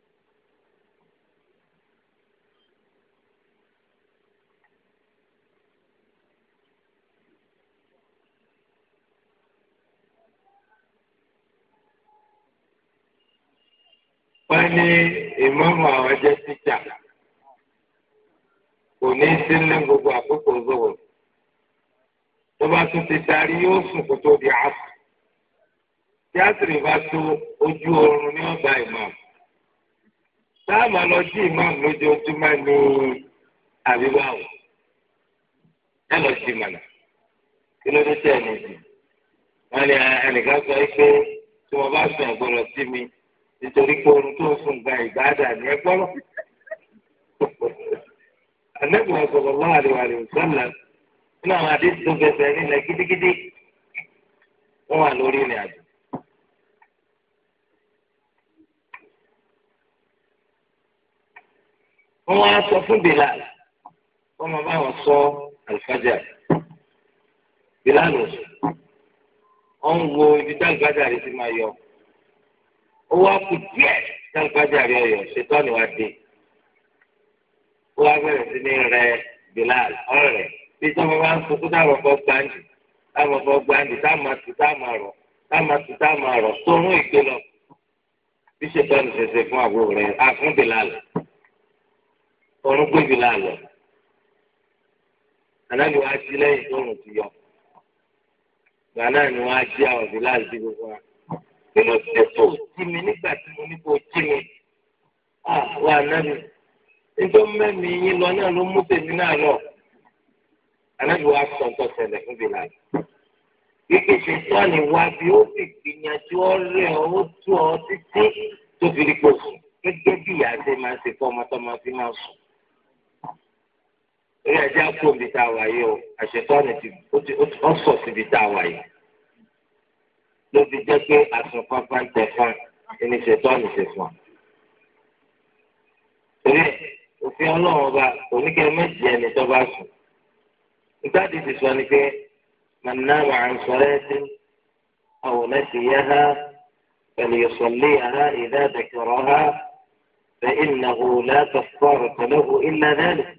wọ́n ní ìmọ̀mù àwọn jẹ́ tíjà kò ní sí ní gbogbo àkókò zọ̀wọ̀ tó bá tún ti darí yóò sùn kó tó di àsù tí bá tó ojú oorun ní ọgbà ìmọ̀mù sáàmà lọ sí ìmáà lójoojúmọ́ ní àbíwá o ẹ lọ sí ìmọ̀nà kí ló dé tẹ̀ ẹ̀ nìyí wọ́n ní ah, ẹnìkan sọ pé tí wọ́n bá sùn ẹ̀gbọ́rọ̀ sí mi nítorí pé oorun tó ń sùn gba ìgbádà ní ẹgbọ́rọ̀. àlẹ́kùn ọ̀sọ̀rọ̀ lọ́wọ́ àríwá rẹ̀ sọ́nà nínú àwọn àdéhùn tó fẹsẹ̀ nílẹ̀ gidigidi wọ́n wà lórí ìrìn àjò. wọ́n wá sọ fún Bilal wọ́n máa bá wọn sọ àlùfájà Bilal ò sùn wọ́n ń wo ibi tí àlùfájà rẹ̀ ti máa yọ ó wá kù díẹ̀ tí àlùfájà rẹ̀ yọ ṣètò àníwádé ó wá bẹ̀rẹ̀ sí ní rẹ Bilal ọ̀rẹ́ bí sọ́mọ́ bá ń sunkún táwọn ọkọ̀ gbáǹdì táwọn ọkọ̀ gbáǹdì táwọn àti táwọn àrọ̀ táwọn àti táwọn àrọ̀ tó ń ìgbélọ̀ bí ṣètò àníṣẹṣe fún àbúrò rẹ̀ àfúndìlálẹ̀ òun gbèjì lálẹ́ anábì wá sí lẹ́yìn tó òun ti yọ gbà ni wọ́n á jí àwọn òbí gbogbo wa kí ló dé tó jí mi nígbà tí mo ní kó jí mi àwọn anábì níjọ́ mẹ́mi yín lọ náà ló mú tèmi náà lọ anábì wá sọ tó ṣẹlẹ̀ fún bìlà kíkì ṣe tọ́ni wá bí ó sì gbìyànjú ọ̀rẹ́ ọ ó ọ títí tó fi rí kó sùn gẹ́gẹ́ bí ìyá ṣe máa ń ṣe fọ́ ọmọ tó máa fi máa sùn orí ẹjẹ àpò ibi tá a wà yìí o àṣetọ́ni ti ó sọ síbi tá a wà yìí ló fi jẹ́ pé àsùnpápá ń tẹ̀ fún ẹni ṣetọ́ni ti fún ọ. torí ẹ òfin ọlọ́run ọba oníkẹ́ méjì ẹni tó bá sùn ìgbàdì ti sọ ni pé mànàmà à ń àwọn ẹ̀sìn yẹn há pẹ̀lú ìsọ̀lẹ̀ àhá ìdá àdàkọ̀rọ̀ há fẹ́ ìnáwó látọ̀ fọ́ọ̀rọ̀ pẹ̀lú ìlànà ẹ̀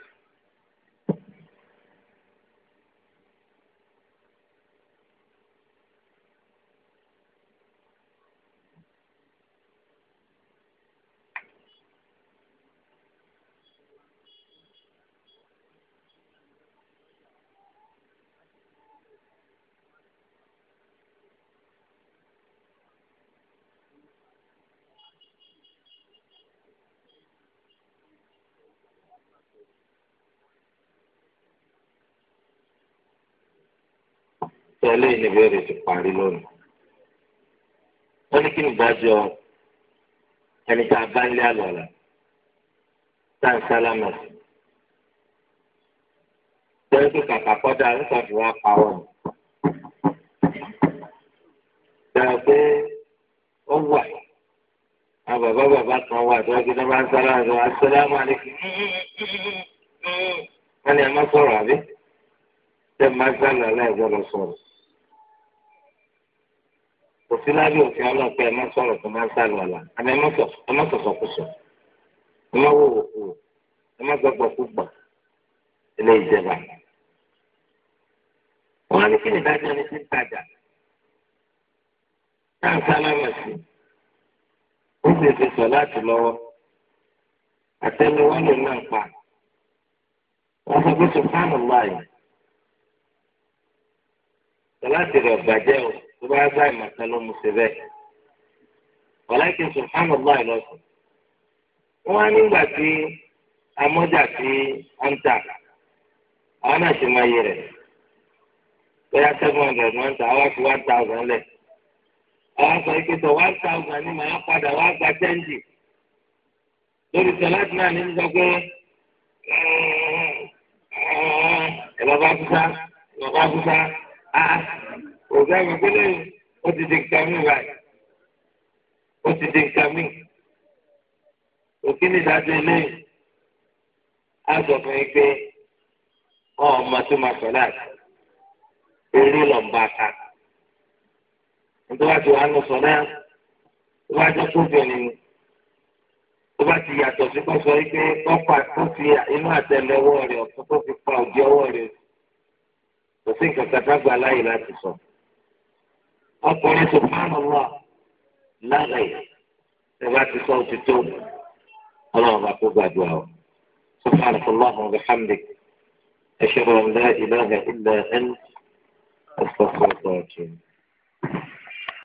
eléyìí ni bẹ́ẹ̀ rẹ̀ ti parí lónìí. wọ́n ní kí ni ìdájọ́ ẹni tá a bá ń lé àlọ́lá tá a ń sálámà sí. lẹ́yìn tó kàkà kọ́dà ń ṣàfihàn pa ni. dáa pé ó wà àwọn bàbá bàbá kan wà tó wájú tó bá ń sálámà sí assalamu alaikum. wọ́n ní ẹ má sọ̀rọ̀ àbí? tẹ́ máa ń sálà láì gbọ́dọ̀ sọ̀rọ̀ òfin lábẹ́ òfin ọlọ́pàá ẹ má sọ̀rọ̀ tó má sálọ ọ̀la àmì ẹ má sọ̀sọ̀ kó sọ ẹ má wò wò kú ẹ má gbàgbọ́ kú gbà ilé ìjẹba. wọ́n á ní kí ni dájọ́ ẹni tí ń náà sálámà sí ó sì fi sọ láti lọ́wọ́ àtẹnuwọ́ lè náà pa wọ́n sọ pé sọ láàyè sọ láti rẹ̀ bàjẹ́ o tó bá gbá ìmọ̀ta ló mu ṣe bẹ́ẹ̀. wàláìkì sùnfàánù bá ẹ lọ́sùn. wọ́n á nígbà tí amọ́jà tí ó ń tà àwọn náà ṣe máa yẹ rẹ̀. bóyá seven hundred wọ́n ń tà àwọn fi one thousand lẹ̀. àwọn sọ pé sọ one thousand ni màá padà wá gba tẹ́ǹtì. lórí sọ náà ní sọ pé ẹ bàbá fúnṣá bàbá fúnṣá òbí àwọn ìgbélé ó ti di nǹkan mi báyìí ó ti di nǹkan mi òkínní ìdájọ́ eléyìí á sọ fún yín pé ọmọ tó máa sọ láti orí lọ ń bá ta nítorí àti wàá lọ sọ náà tó bá jẹ́ kóbìnrin ni tó bá ti yàtọ̀ sí kó sọ pé kọ́pà tó fi inú àtẹ́lẹwọ́ rẹ̀ ọ̀tún tó fi pa òdi ọwọ́ rẹ̀ kò sí nǹkan kan tá gbà láàyè láti sọ. So ọkùnrin subhanallah lágàyè ẹ̀bá ti sọ òtítọ́ ọlọ́run bá kó gbàdúrà o subhanaka allahumma wa bihamdik ashhadu an la ilaha illa anta astaghfiruka wa